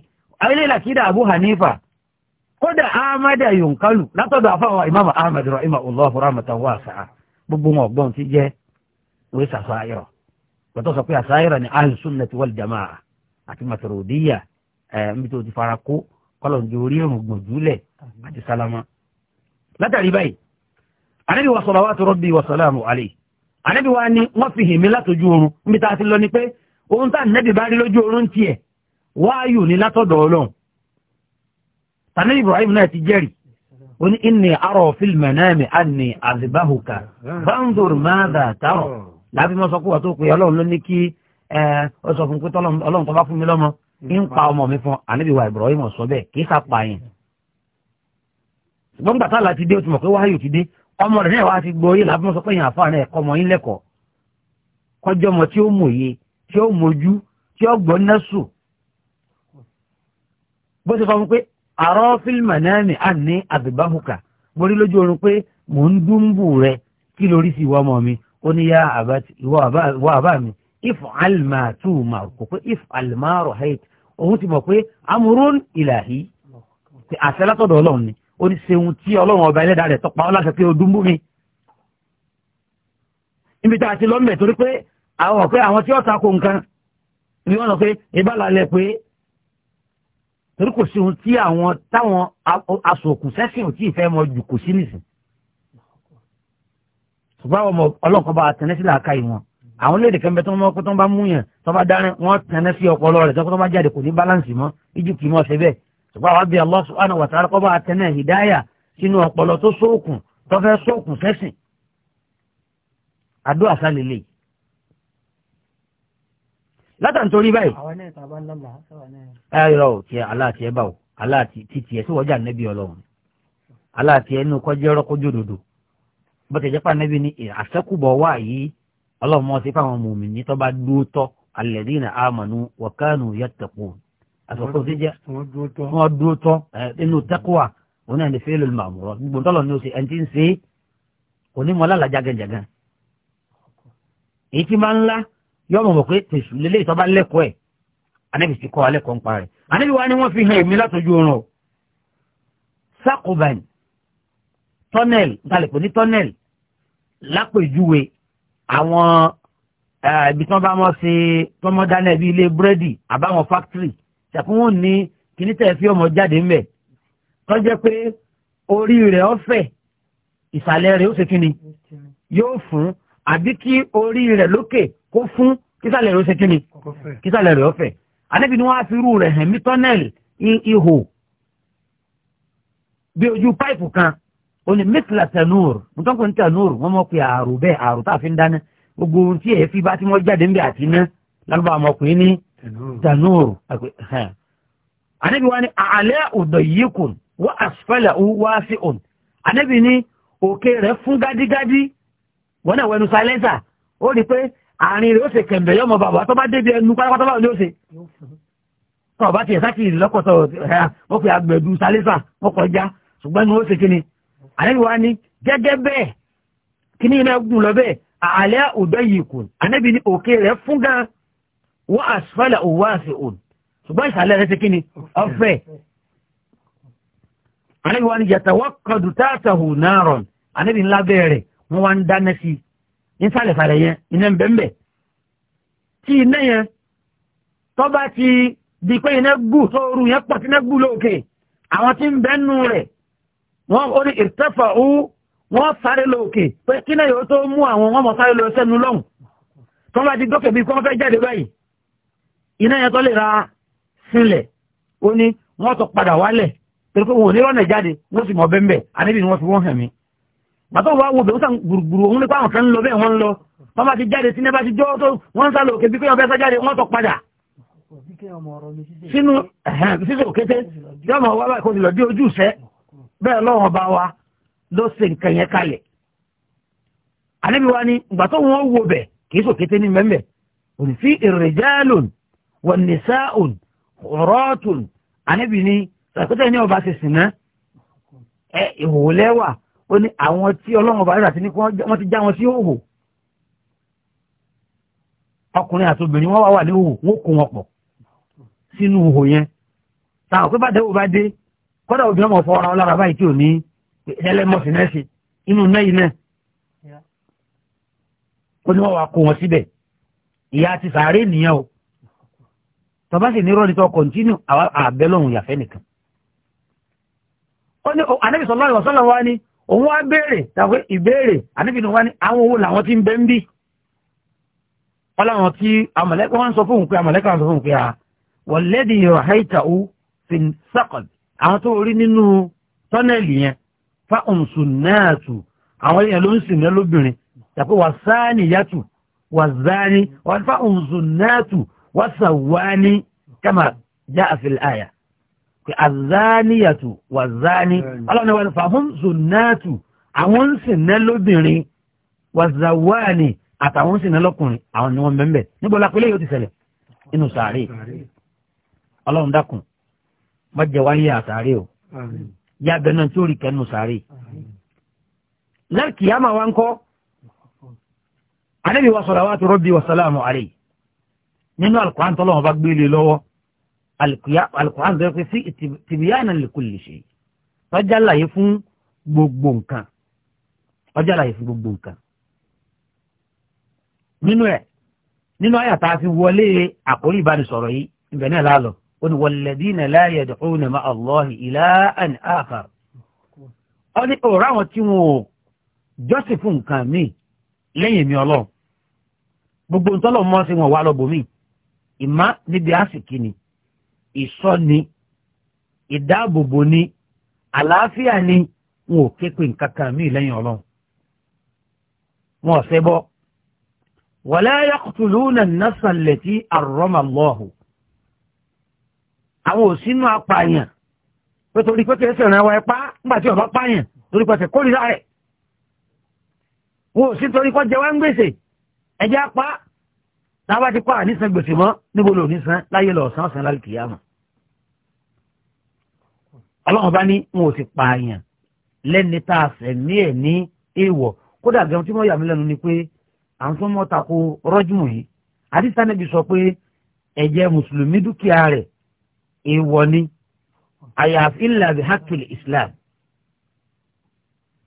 eléyìí làkídà àbú hanifa kódà ahmadu ayonkalu látọ̀dọ̀ afáwọn imam ahmadu rahima allahu rahmatan wasi'a gbogbo wọn ọgbọ́n ti jẹ́ orí sàṣàyọ̀ gbọ́tọ̀ sọ pé àṣàyọ̀ ni ahlu sunnati wal jamaa àti maturidiyya ẹ̀ níbi tó ti fara kó kọlọ̀njẹ orí ẹ̀rùn gbọ̀njúlẹ̀ àti sálámà. látàrí báyìí anábì wa salawatu rabbi wa salamu alayhi anábì wa ni wọ́n fi hìmí látọjú oorun níbi tá a ti lọ ni pé ohun tá anábì bá rí lójú oorun tiẹ̀ wáyù ni látọ̀dọ̀ ọlọ́run tani ibrahim náà ti jẹ́rìí ó ní inni arọ fílmẹ̀ náà mi á ní àdìbáhùkà báńdòr máàdà tààrọ̀ lábí mọ́ sọ pé wà tó pé ọlọ́run ló ní kí ọ sọ fún pé ọlọ́run tó bá fún mi lọ́mọ ń pa ọmọ mi fún ànábì wa ibrahim ọ̀sọ́ bẹ́ẹ̀ kì í sàpààyàn ṣùgbọ́n gbàtà láti dé ó ti mọ̀ pé wáyò ti dé ọmọ rẹ̀ náà wá ti gbọ́ yé lábí mọ́ sọ pé èèyàn àfáà náà ẹ̀kọ́ ọmọ yín lẹ́kọ̀ọ́ kọjọ́ ọmọ tí ó mòye tí ó mojú tí ó gbọ́ nẹ́sù bó ṣe sọ fún pé àrọ́ fílmà náà ní àní àbíbáhùkà mo rí lójú oorun pé mò ń dúnbù rẹ kí lórí sí ìwọ ọmọ mi ó ní yá ìwọ àbá mi if alma tu ma kò pé if alma rohait òun ti mọ̀ pé amúrún ìlàhí àṣẹ látọ̀dọ̀ ọlọ́run ni ó ní ṣeun tí ọlọ́run ọba ẹlẹ́dàá rẹ̀ tọpa ọlá ṣẹpẹ́ odúnbù mi. níbi tá a ti lọ́mọ̀ torí pé àwọn ọ̀pẹ́ àwọn tí ó ta nǹkan ni wọ́n sọ pé ìbálàlẹ̀ pé torí kò sí ohun tí àwọn táwọn asòkù sẹ́sìn ò tí ì fẹ́ mọ jù kò sí nìsín. ṣùgbọ́n àwọn ọmọ ọlọ́kọ̀ bá tẹ̀lé sí làákà yìí wọn àwọn léde kẹ́mbẹ́ tó ń mọ́ tó ń bá múyàn tó bá dáná wọ́n tẹ̀lé sí ọpọlọ rẹ̀ tó bá jáde kò ní báláǹsì mọ́ ijú kì í mọ́ ṣe bẹ́ẹ̀ ṣùgbọ́n àwọn bí Allah subhanahu wa ta'ala kọ́ bá tẹ̀lé hìdáyà sínú ọpọlọ tó sóòkùn tó fẹ́ sóòkùn sẹ́sìn. àdúrà sálẹ̀ látàntorí báyìí. àwọn náà tàbá lọ́la sọ̀rọ̀ náà. ẹ yọrọ tiẹ aláàtì ẹ bá o aláàtì títì ẹ síwọ́jà nẹ́bí ọlọ́run aláàtì ẹ nù kọjá ọrọ́ kójú òdòdó bó ti jẹ́ pà nẹ́bí ni àṣẹ́kùbọ̀ wà yìí ọlọ́run mọ́ sí fáwọn mùmínì tó bá dúró tọ́ alladhina amanu wa kanu yattaqun àsọ̀kọ́ sí jẹ́ wọ́n dúró tọ́ nínú taqwa òun náà ní fẹ́lẹ̀ màmúrọ̀ gbogbo tọ́lọ̀ ní o ṣe ẹni tí ń ṣe kò ní mọ́ yọmọ mọ̀ pé tèṣù lélẹ́ ìtọ́ba lẹ́kọ̀ọ́ ẹ̀ anábì ti kọ́ alẹ́kọ̀ọ́ ń pa rẹ̀ wa ni wọ́n fi hàn èmi látọjú oorun o sakobani tọ́nẹ̀l galẹ̀pẹ̀ ní tọ́nẹ̀l lápèjúwe àwọn ibi tí wọ́n bá mọ̀ sí tọ́mọdáná ibi ilé búrẹ́dì àbáwọn fákítírì ṣàkóso wọn ní kíní tẹ̀ fi ọmọ jáde ńbẹ̀ tọ́jẹ́ pé orí rẹ̀ ọ̀fẹ́ ìsàlẹ̀ rẹ̀ ó ṣe kíni yóò fún àbí kí orí rẹ̀ lókè kó fún kísàlẹ̀ rẹ̀ ó ṣe kí ni kísàlẹ̀ rẹ̀ ọ̀fẹ́ ànábì ni wọ́n á fi irú rẹ̀ hàn mí tọ́nẹ̀lì ihò bí ojú páìpù kan ó ní mítìlá tanúr mùtọ́kùn tanúr wọ́n mọ̀ pé àrò bẹ́ẹ̀ àrò tá a fi ń dáná gbogbo ohun tí èéfì bá tí wọ́n jáde ń àti iná lálùbọ̀ àmọ̀kùnrin ní tanúr ànábì wa ni àlẹ́ òdò yìí kùn wọ́n àsìfẹ́lẹ̀ wá sí òun ànábì ni òkè rẹ̀ fún gádígádí wọ́n náà wẹnu sáyẹ́ńsà ó rí pé àárín rẹ̀ ó ṣe kẹ̀m̀bẹ̀ yọmọ bàbá tó bá débi ẹnu pátápátá báwo ni ó ṣe tó bá tiẹ̀ sákì lọ́kọ̀tọ̀ wọ́n fi agbẹ̀dù sálẹ́sà wọ́n kọjá ṣùgbọ́n ni ó ṣe kíni àlẹ́bí wa ni gẹ́gẹ́ bẹ́ẹ̀ kíní iná gùn lọ bẹ́ẹ̀ àlẹ́ òdọ́ yìí kù àlẹ́bí ni òkè rẹ̀ fún gan wọ́n àṣìfàlẹ̀ òwò àṣì òun ṣùgbọ́n ìsàlẹ̀ rẹ̀ ṣe kíni ọ̀fẹ́ àlẹ́bí wa ni yàtọ̀ wọ́n kọdù nísàlẹ̀sàlẹ̀ yẹn iná ń bẹ ń bẹ tí iná yẹn tó bá ti di pé iná gbù sóoru yẹn pọ̀ sí iná gbù lókè àwọn tí ń bẹ nù rẹ̀ wọ́n ó ní ìrìtẹ́fà ó wọ́n sáré lókè pé kí náà yóò tó mú àwọn wọ́n mọ̀ sáré lọ sẹ́nu lọ́hùn tó bá ti dókè bí kí fẹ́ jáde báyìí iná yẹn tó lè ra sílẹ̀ ó ní wọ́n tó padà wálẹ̀ pé kí wọ́n ò ní rọ́nà jáde wọ́n sì mọ̀ bẹ́ẹ̀ àníbi ni wọ́n fi wọ́n hàn mí pàtó wà wo bẹ̀rù sàn gbùrùgbùrù òun nípa àwọn kan lọ bẹ́ẹ̀ wọ́n lọ wọ́n bá ti jáde sí nẹ́bá ti jọ́ tó wọ́n sálọ òkè bí kéèyàn fẹ́ sá jáde wọ́n tọ padà sínú sísè òkété yóò mọ̀ ó ní àwọn tí ọlọ́run bàrẹ́dà ti ní wọ́n ti já wọn sí òhò ọkùnrin àti obìnrin wọ́n wá wà ní òhò wọ́n kó wọn pọ̀ sínú òhò yẹn táwọn pé bàdé òbá dé kọ́dà obìnrin ọmọ fọ́ra wọn lára báyìí tí ò ní ẹlẹ́mọ̀sí náà ṣe inú náà yìí náà ó ní wọ́n wá kó wọn síbẹ̀ ìyá ti sàárè nìyẹn o tọba sì ní rọ́ọ̀dì tó kọ̀ntínú àbẹ́lọ́hùn yàfẹ́ nìkan ó ní anábìsọ̀lọ́rọ̀ wọ́sọ́lọ́ wa ni òun wá béèrè tàbí ìbéèrè àníbìnú wá ní àwọn owó làwọn tí ń bẹ ń bí wọ́n láwọn tí àmọ̀lẹ́kọ̀ wọ́n sọ fún òun pé àmọ̀lẹ́kọ̀ wọ́n sọ fún òun pé a wọ́n lẹ́dí ìrọ̀ haita ó fi sẹ́kọ̀d àwọn tó rí nínú tọ́nẹ̀lì yẹn fa òǹsù náà tù àwọn èèyàn ló ń sìn ní lóbìnrin tàbí wà sáàni yàtù wà záni wà fa òǹsù náà tù wà sàwáni kama já àfẹ́lẹ́ àyà pé azániyàtù wà zání ọlọ́run náà wà ní fàhún zunnáàtù àwọn ń sìn ná lóbìnrin wà zawani àtàwọn ń sìn ná lọ́kùnrin àwọn ni wọ́n mẹ́mbẹ̀ níbo la pélé yóò ti ṣẹlẹ̀ inú sàárè ọlọ́run dákun má jẹ́ wáyé àsàárè o yá bẹ́ẹ̀ náà tí ó rí kẹ́nu sàárè lẹ́ẹ̀kì yàmà wa ń kọ́ anábì wa salawatu rabbi wa salamu alayhi nínú àlùkò àǹtọ́lọ́wọ́n bá gbélé lọ́wọ́ alukuran tó yẹ pé sí tìbíyàna lèkulè ṣe ọjà láàyè fún gbogbo nǹkan ọjà láàyè fún gbogbo nǹkan nínú ẹ nínú àyà tá a fi wọlé àkórí ìbánisọ̀rọ̀ yìí ibẹ̀ náà lálọ́ ó ní walladhina la yad'una ma'a Allahi ilahan akhar ọ ní òòrùn àwọn tí wọn ò jọ́sìn fún nǹkan míì lẹ́yìn mi ọlọ́run gbogbo ntọ́lọ́ mọ́ sí wọn wà lọ́bọ̀ ìmá níbi àsìkí ni ìsọ́ni ìdáàbòbò ni àlàáfíà ni wọn ò ké pé nǹkan kan míì lẹ́yìn ọlọ́run wọn ò fẹ́ bọ́ wala yaqtuluna an-nafsa allati harrama Allahu àwọn òsínú apààyàn pé torí pé kìí sẹ̀rìn àwọn ẹ̀pá nígbà tí torí pẹ̀sẹ̀ kórìíra rẹ̀ wọn ò sí torí kọ́ jẹ ń gbèsè ẹ̀jẹ̀ apá táwa ti pa àníṣàn gbèsè mọ́ níbo lò níṣàn láyé lọ ọ̀sán ọ̀sán lálùkìyàmọ̀ ọlọ́run bá ní wọn ò sì pààyàn lẹ́ni tá a fẹ̀ ní ẹ̀ ní èèwọ̀ kódà gẹ̀rùn tí wọ́n yà mí lẹ́nu ni pé à ń sọ mọ́ tako rọ́jùmù yìí àdìsá níbi sọ pé ẹ̀jẹ̀ mùsùlùmí dúkìá rẹ̀ èèwọ̀ ni àyàfi làbí hakil islam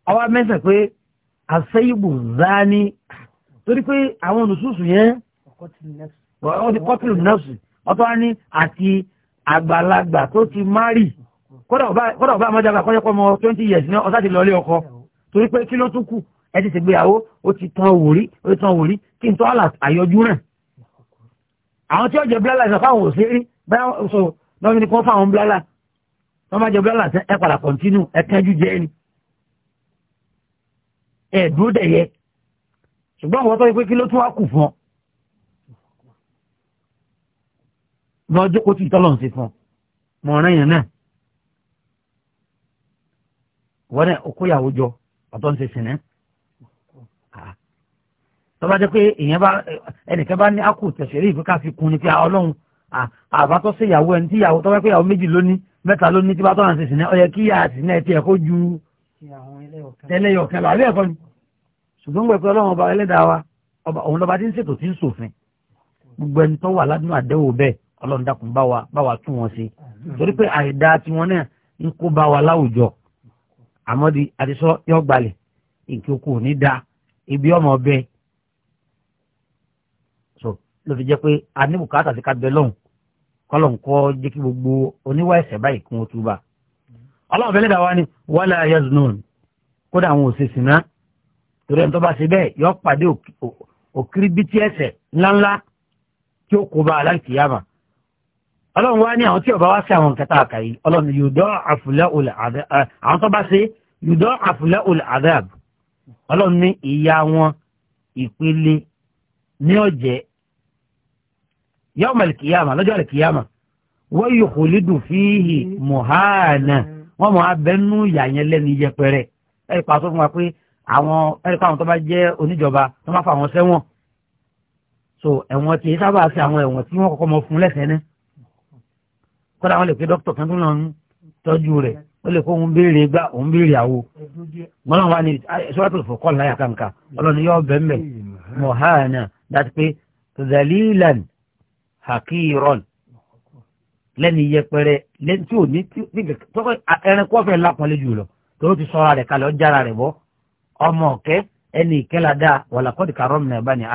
àwa mẹ́sàn pé àṣẹ́yìnbù zání torí pé àwọn olùsùsù yẹn ọ̀dí kọ́tìlù nọ́ọ̀sì ọ̀tọ́ wa ní àti àgbàlagbà tó ti márì kọ́dọ̀ ọba amọ́jàgbà kọ́jọ́kọ́ ọmọ twenty years ní ọ̀sá ti lọlé ọkọ torí pé kí ló tún kù ẹ ti ṣègbéyàwó ó ti tan òwòrí ó ti tan òwòrí kí n tó àlà àyọjú rẹ̀ àwọn tí ó jẹ blala ìsọ fáwọn òṣèré báyà sọ lọ́wọ́ ni kò fáwọn blala wọ́n bá jẹ blala ẹ padà kọ̀ntínú ẹ kẹ́jú jẹ́ ni ẹ dúró dẹ̀ yẹ ṣùgbọ́n àwọn tó pé kí ló tún wá kù fún ọ lọ́jọ́ kó tì tọ́lọ̀ ń ṣe fún ọ mọ̀ọ́rán yẹn náà wọ́n náà ó kóyàwó jọ ọ̀tọ̀ ń ṣe sìn náà tọ́ba jẹ́ pé èèyàn bá ẹnìkan bá ní akù tẹ̀sẹ̀rí ìfẹ́ ká fi kun ni pé ọlọ́run àbátọ́ sí ìyàwó ẹni tí ìyàwó tọ́ba pé ìyàwó méjì lóní mẹ́ta lóní tí bá tọ́ àǹsẹ̀ sìn náà ó yẹ kí àti náà tiẹ̀ kó ju ẹlẹ́yọ̀kan ni ṣùgbọ́n gbẹ̀ pé ọlọ́run ọba ẹlẹ́dàá wa òun lọ́ba tí ń ṣètò tí ń ṣòfin gbogbo ẹni tó wà ládùn àdẹ́wò bẹ́ẹ̀ ọlọ́run dákun bá wa tún wọn ṣe torí pé àìdá tiwọn náà ń kó bá wa láwùjọ àmọ́dí àdìsọ́ yọ gbalẹ̀ ìkí okò ní da ibi ọmọ ọbẹ so ló fi jẹ́ pé a ní bùkátà sí ká bẹ lọ́hùn kọ́lọ̀ ńkọ́ jẹ́ kí gbogbo oníwà ẹ̀ṣẹ̀ báyìí kún otu bá ọlọ́run fẹ́lẹ́ dà wá ní wala yaznun kódà àwọn òṣèṣì náà torí ẹni tó bá ṣe bẹ́ẹ̀ yọ pàdé òkiri bíi ti ẹ̀ṣẹ̀ ńláńlá tí ó kó bá aláìkìyàmà ọlọ́run wá ní àwọn tí ọba wá sí àwọn kẹta àkàyí ọlọ́run yùdọ́ àfúlẹ́ olè àdáàb àwọn tó bá ṣe yùdọ́ àfúlẹ́ olè àdáàb ọlọ́run ní ìyá wọn ìpele ní ọ̀jẹ́ yawmal kìyàmà lọ́jọ́ àlè kìyàmà wọ́n yóò kò lè dùn fíhì mùhánà wọ́n mọ̀ abẹ́nú ìyá yẹn lẹ́nu yẹpẹrẹ ẹ̀ pàṣẹ fún wa pé àwọn ẹ̀ríkà àwọn tó bá jẹ́ oníjọba tó má fa àwọn sẹ́wọ̀n so ẹ̀wọ̀n tí sábà ṣe àwọn ẹ̀wọ̀n tí wọ́n kọ́kọ́ mọ fún lẹ́sẹ̀ náà kọ́dà wọn lè pe dókítà kan tó lọ ń tọ́jú rẹ̀ ó lè kó òun béèrè gbá òun béèrè àwo mọ́nà wa ni suratul Furqan láyà kàǹkà ọlọ́ni yóò bẹ́ẹ̀ mẹ́ mọ̀hánà dáti pé zalilan hakiron lẹ́ni yẹpẹrẹ lẹ́ni tí ò ní tí tọ́kọ ẹranko ọ̀fẹ́ lápọ̀lẹ́ jù lọ tó ti sọ́ra rẹ̀ kalẹ̀ ọjàrà rẹ̀ bọ́ ọmọ ọ̀kẹ́ ẹni ìkẹ́lá dáa wàlàkọ́dì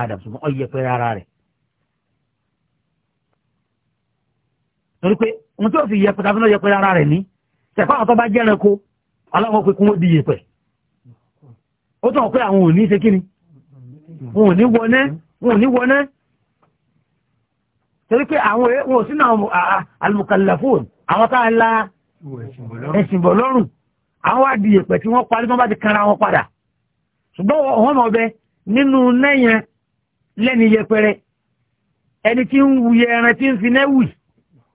Adam ṣùgbọ́n ọ yẹpẹrẹ ara rẹ̀ torí pé ohun tí ó fi yẹpẹ tàbí náà yẹpẹ ara rẹ̀ ní tẹ̀fọ́ àwọn tó bá jẹ́rẹ̀ ko aláwọ̀ pé kún ó di yẹpẹ ó tàn pé àwọn ò ní ṣe kíni wọn ò ní wọnẹ́ wọn ò ní wọnẹ́ torí pé àwọn wọn ò sínú àwọn alùmùkàlàfóòn àwọn tá a la ẹ̀sìn bọ̀ lọ́rùn àwọn wá di yẹpẹ tí wọ́n parí tí wọ́n bá ti kanra wọn padà ṣùgbọ́n wọn mọ̀ bẹ nínú nẹ́yẹn lẹ́ni yẹpẹrẹ ẹni tí ń wu ẹran tí ń fi nẹ́wì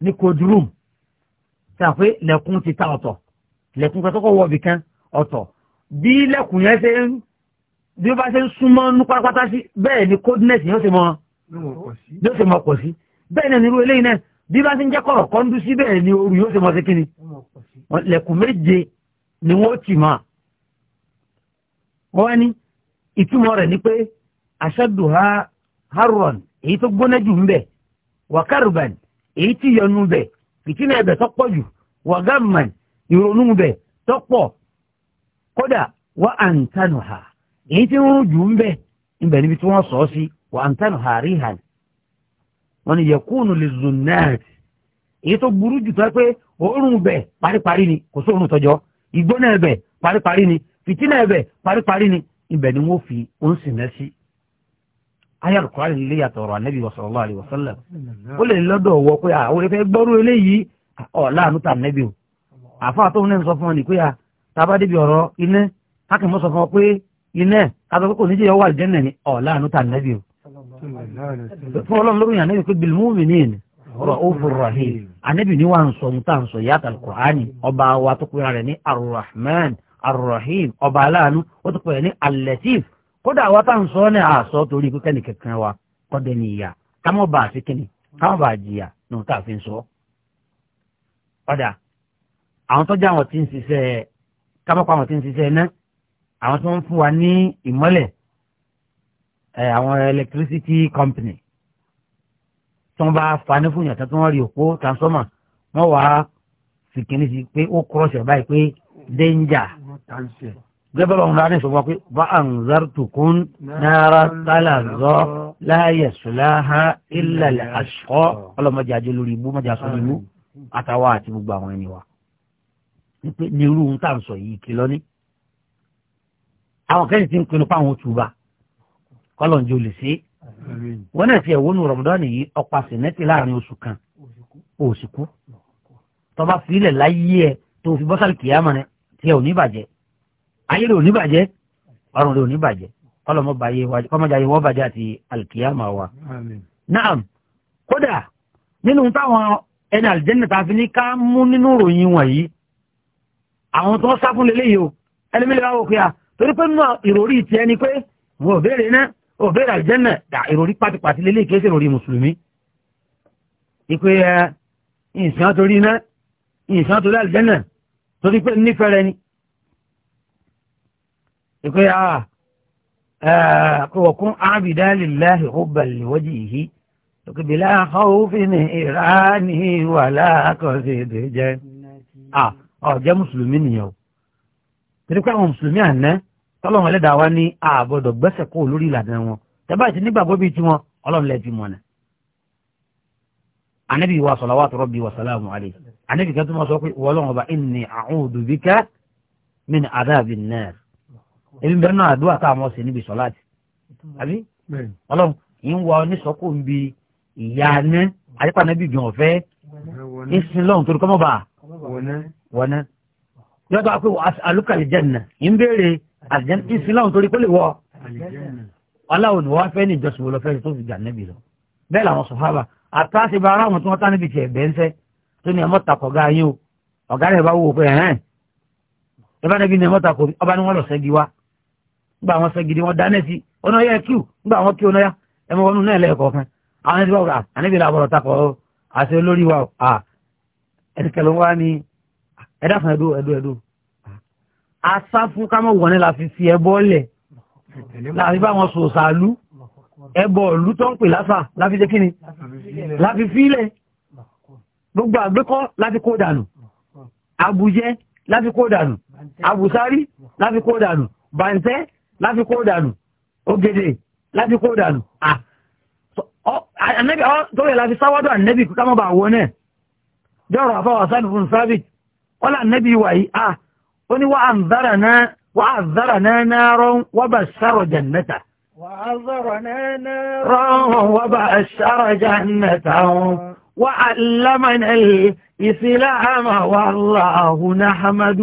ní code room sàn pé lẹ́kùn ti ta ọ̀tọ̀ lẹ́kùn kan tó kọ̀ wọ̀ bìkan ọ̀tọ̀ bí lẹ́kùn yẹn ṣe ń bí ó bá ṣe ń súnmọ́ ní pátápátá sí bẹ́ẹ̀ ni coldness yóò ṣe mọ yóò ṣe mọ pọ̀ sí bẹ́ẹ̀ náà nírú eléyìí náà bí bá ṣe ń jẹ́ kọ̀rọ̀ kọ́ńdú sí bẹ́ẹ̀ ni ooru yóò ṣe mọ sí kíni lẹ́kùn méje ni wọ́n ti mọ̀ wọ́n ní ìtumọ̀ rẹ̀ ni pé aṣáàdùn ha harron èyí tó gbóná jù ń bẹ̀ wà kárùbàn èyí tí yọnu bẹ̀ fìtínà ẹ̀bẹ̀ tọ́pọ̀ jù wàgámà ìrònú bẹ̀ tọ́pọ̀ kódà wà á ń èyí tí wọ́n jù ń bẹ̀ ibẹ̀ níbi tí wọ́n sọ ọ́ sí wà á ń ha rí hàn wọn ni yẹkùnù lè zùn náà èyí tó burú jù tó pé òórùn paríparí ni kò ìgbóná paríparí ni fìtínà ẹ̀bẹ̀ paríparí ni ibẹ̀ ni wọ́n fi ó sí. ayé Kùránì nílé yàtọ̀ ọ̀rọ̀ ànábì sallallahu alaihi wasallam ó lè lọ́dọ̀ wọ pé àwọn ìfẹ́ gbọ́rú eléyìí ọ̀ láàánú tà nẹ́bì o àfa tó ń lẹ́nu sọ fún ọ ní pé a tábà débi ọ̀rọ̀ iná káàkiri mọ́ sọ fún ọ pé iná káàkiri pé kò ní jẹ́ ọwọ́ àlùjẹ́nà ni ọ̀ láàánú tà nẹ́bì o. fún ọlọ́run lórí ànábì pé bil mu'minina ní ar-Rahman ar-Rahim ní al kódà àwa tá à ń sọ ní àṣọ torí pípẹ́ kankan wa kọ́dẹ ní ìyá kámọ́ bá àti kínní kámọ́ bá jìyà ní òun tá a fi ń sọ. ọ̀dà àwọn tọ́jú àwọn tí ń ṣiṣẹ́ kámọ́pọ̀ àwọn tí ń ṣiṣẹ́ iná àwọn tó ń fún wa ní ìmọ́lẹ̀ àwọn electricity company tí wọ́n bá fani fún yàtọ̀ tí wọ́n rí òpó transformer wọ́n wàá fi kínní sí pé ó kúrọ̀ṣẹ̀ báyìí pé danger gẹ́gẹ́ bá ní ṣùgbọ́n pé bá a ń zartukun náírà tálà zọ láàyè sùláhà ìlàlẹ̀ àṣọ ọlọ́mọdé ajé lórí ibú mọ́jà sọ ibú àtàwà àti gbogbo àwọn ẹni wa wípé ní irú ohun tá à ń sọ yìí kí lọ́ní. àwọn kẹ́yìn ti ń pinnu fáwọn òtúba kọ́lọ̀ ń jẹ́ olè sí. wọ́n náà ti ẹ̀wọ́n rọ̀mọdọ́nì yìí ọ̀pá sìnẹ́tì láàrin oṣù kan òsìkú tọ́ba fi ayé rẹ̀ ò ní bàjẹ́ ọrùn rẹ̀ ò ní bàjẹ́ kọ́mọjáyé wọ́n bàjẹ́ àti alkiyama wa. naam kódà nínú táwọn ẹni àlìjẹ́nà tá a fi ní ká mú nínú ìròyìn wọ̀nyí àwọn tó ń sá fún lélẹ́yìí o ẹlẹ́mìlẹ́ wa wò pé a torí pé nínú ìròrí ti ẹni pé wọn ò béèrè náà ò béèrè àlìjẹ́nà dà ìròrí pátipàti lélẹ́yìí kìí ṣe ìròrí mùsùlùmí. ìpè ẹ ìsìn àtòrí iná ìsìn àtòrí àlìjẹ́nà torí pé nífẹ̀ẹ́ rẹ ni ìpè à ọkùn ábìdálì láhì ọbàlì wọ́jì yìí òkèbìlà ọ̀hún ìrání wà láàkọ̀ọ́sẹ̀ èdè jẹ́ ọ̀jẹ́ mùsùlùmí nìyẹn o torí pé àwọn mùsùlùmí àná tọ́lọ́run ẹlẹ́dàá wa ní àbọ̀dọ̀ gbẹ́sẹ̀ kó lórí ìlànà wọn tẹ́bá ti nígbàgbọ́ bíi tiwọn ọlọ́run lẹ́ẹ̀dì mọ̀nà. anabi wa salawatu rabbi wa salamu alayhi anabi kan tó máa sọ pé wọ́lọ́run inni a'udhu bika min adhabin nar ebi bẹ́ẹ̀ náà àdúrà tá a mọ̀ sí níbi sọ́láàtì àbí ọlọ́run yìí ń wá ọ ní sọ́kò ń bi ìyá ní àyípànẹ́bí jùn ọ̀fẹ́ ìsìn lọ́run torí kọ́mọ́ bá wọ̀nà yọ́tọ̀ àpé àlùkà àlìjẹ́nà yìí ń béèrè àlìjẹ́nà ìsìn lọ́run torí kó lè wọ ọláwọn ni wọ́n fẹ́ ní ìjọsìn wọlé fẹ́ tó fi jà nẹ́bì lọ bẹ́ẹ̀ làwọn sọ̀hábà àtàṣe bá ara wọn tí wọ́n tá níbi tiẹ̀ bẹ́ẹ̀ ń fẹ́ tó ní ẹ̀mọ́ takọ̀ ọ̀gá yín o ọ̀gá rẹ̀ bá wò ó pé ẹ̀hẹ́n ẹ bá nẹ́bí ní ẹ̀mọ́ takọ̀ ọba ni wọ́n lọ sẹ́gi wá gba àwọn sẹ gidi wọn dáná sí ọ̀nà yẹ kíw gba àwọn kí ọ̀nà yá ẹ mọ wọnú náà lẹ́ẹ̀kọ̀ọ̀kan àwọn ẹni tí wọ́n rà àníbi làbọ̀rọ̀ takọ̀ ọ́ àti olórí wa à ẹni kẹlẹ́ wá ní ẹ̀dá fún ẹ̀dó ẹ̀dó ẹ̀dó asá fún kámọ̀ wọ̀n ní la fi fi ẹbọ lẹ̀ láti bá wọn sò sàlú ẹbọ ìlú tó ń pè lásà láfi jẹ́ kíni láfi fílẹ̀ gbogbo àgbékọ́ láti kó dànù àbújẹ́ láti kó dànù àbùsárí láti kó dànù bàǹtẹ́ láti kó dànù ògèdè láti kó dànù à ànẹ́bí ọ tó yẹ láti sáwádọ̀ ànẹ́bí kí kámọ́ bá wọ náà jọ̀rọ̀ àfọwọ́ sáà fún sábìt wọ́n là ànẹ́bí wà yìí à ó ní wàá àǹdára náà wàá àǹdára náà náà rọ́n wọ́n bá sárọ̀ jannata. وعذرنا نارا وبأشر جهنته وعلمنا الإسلام والله نحمد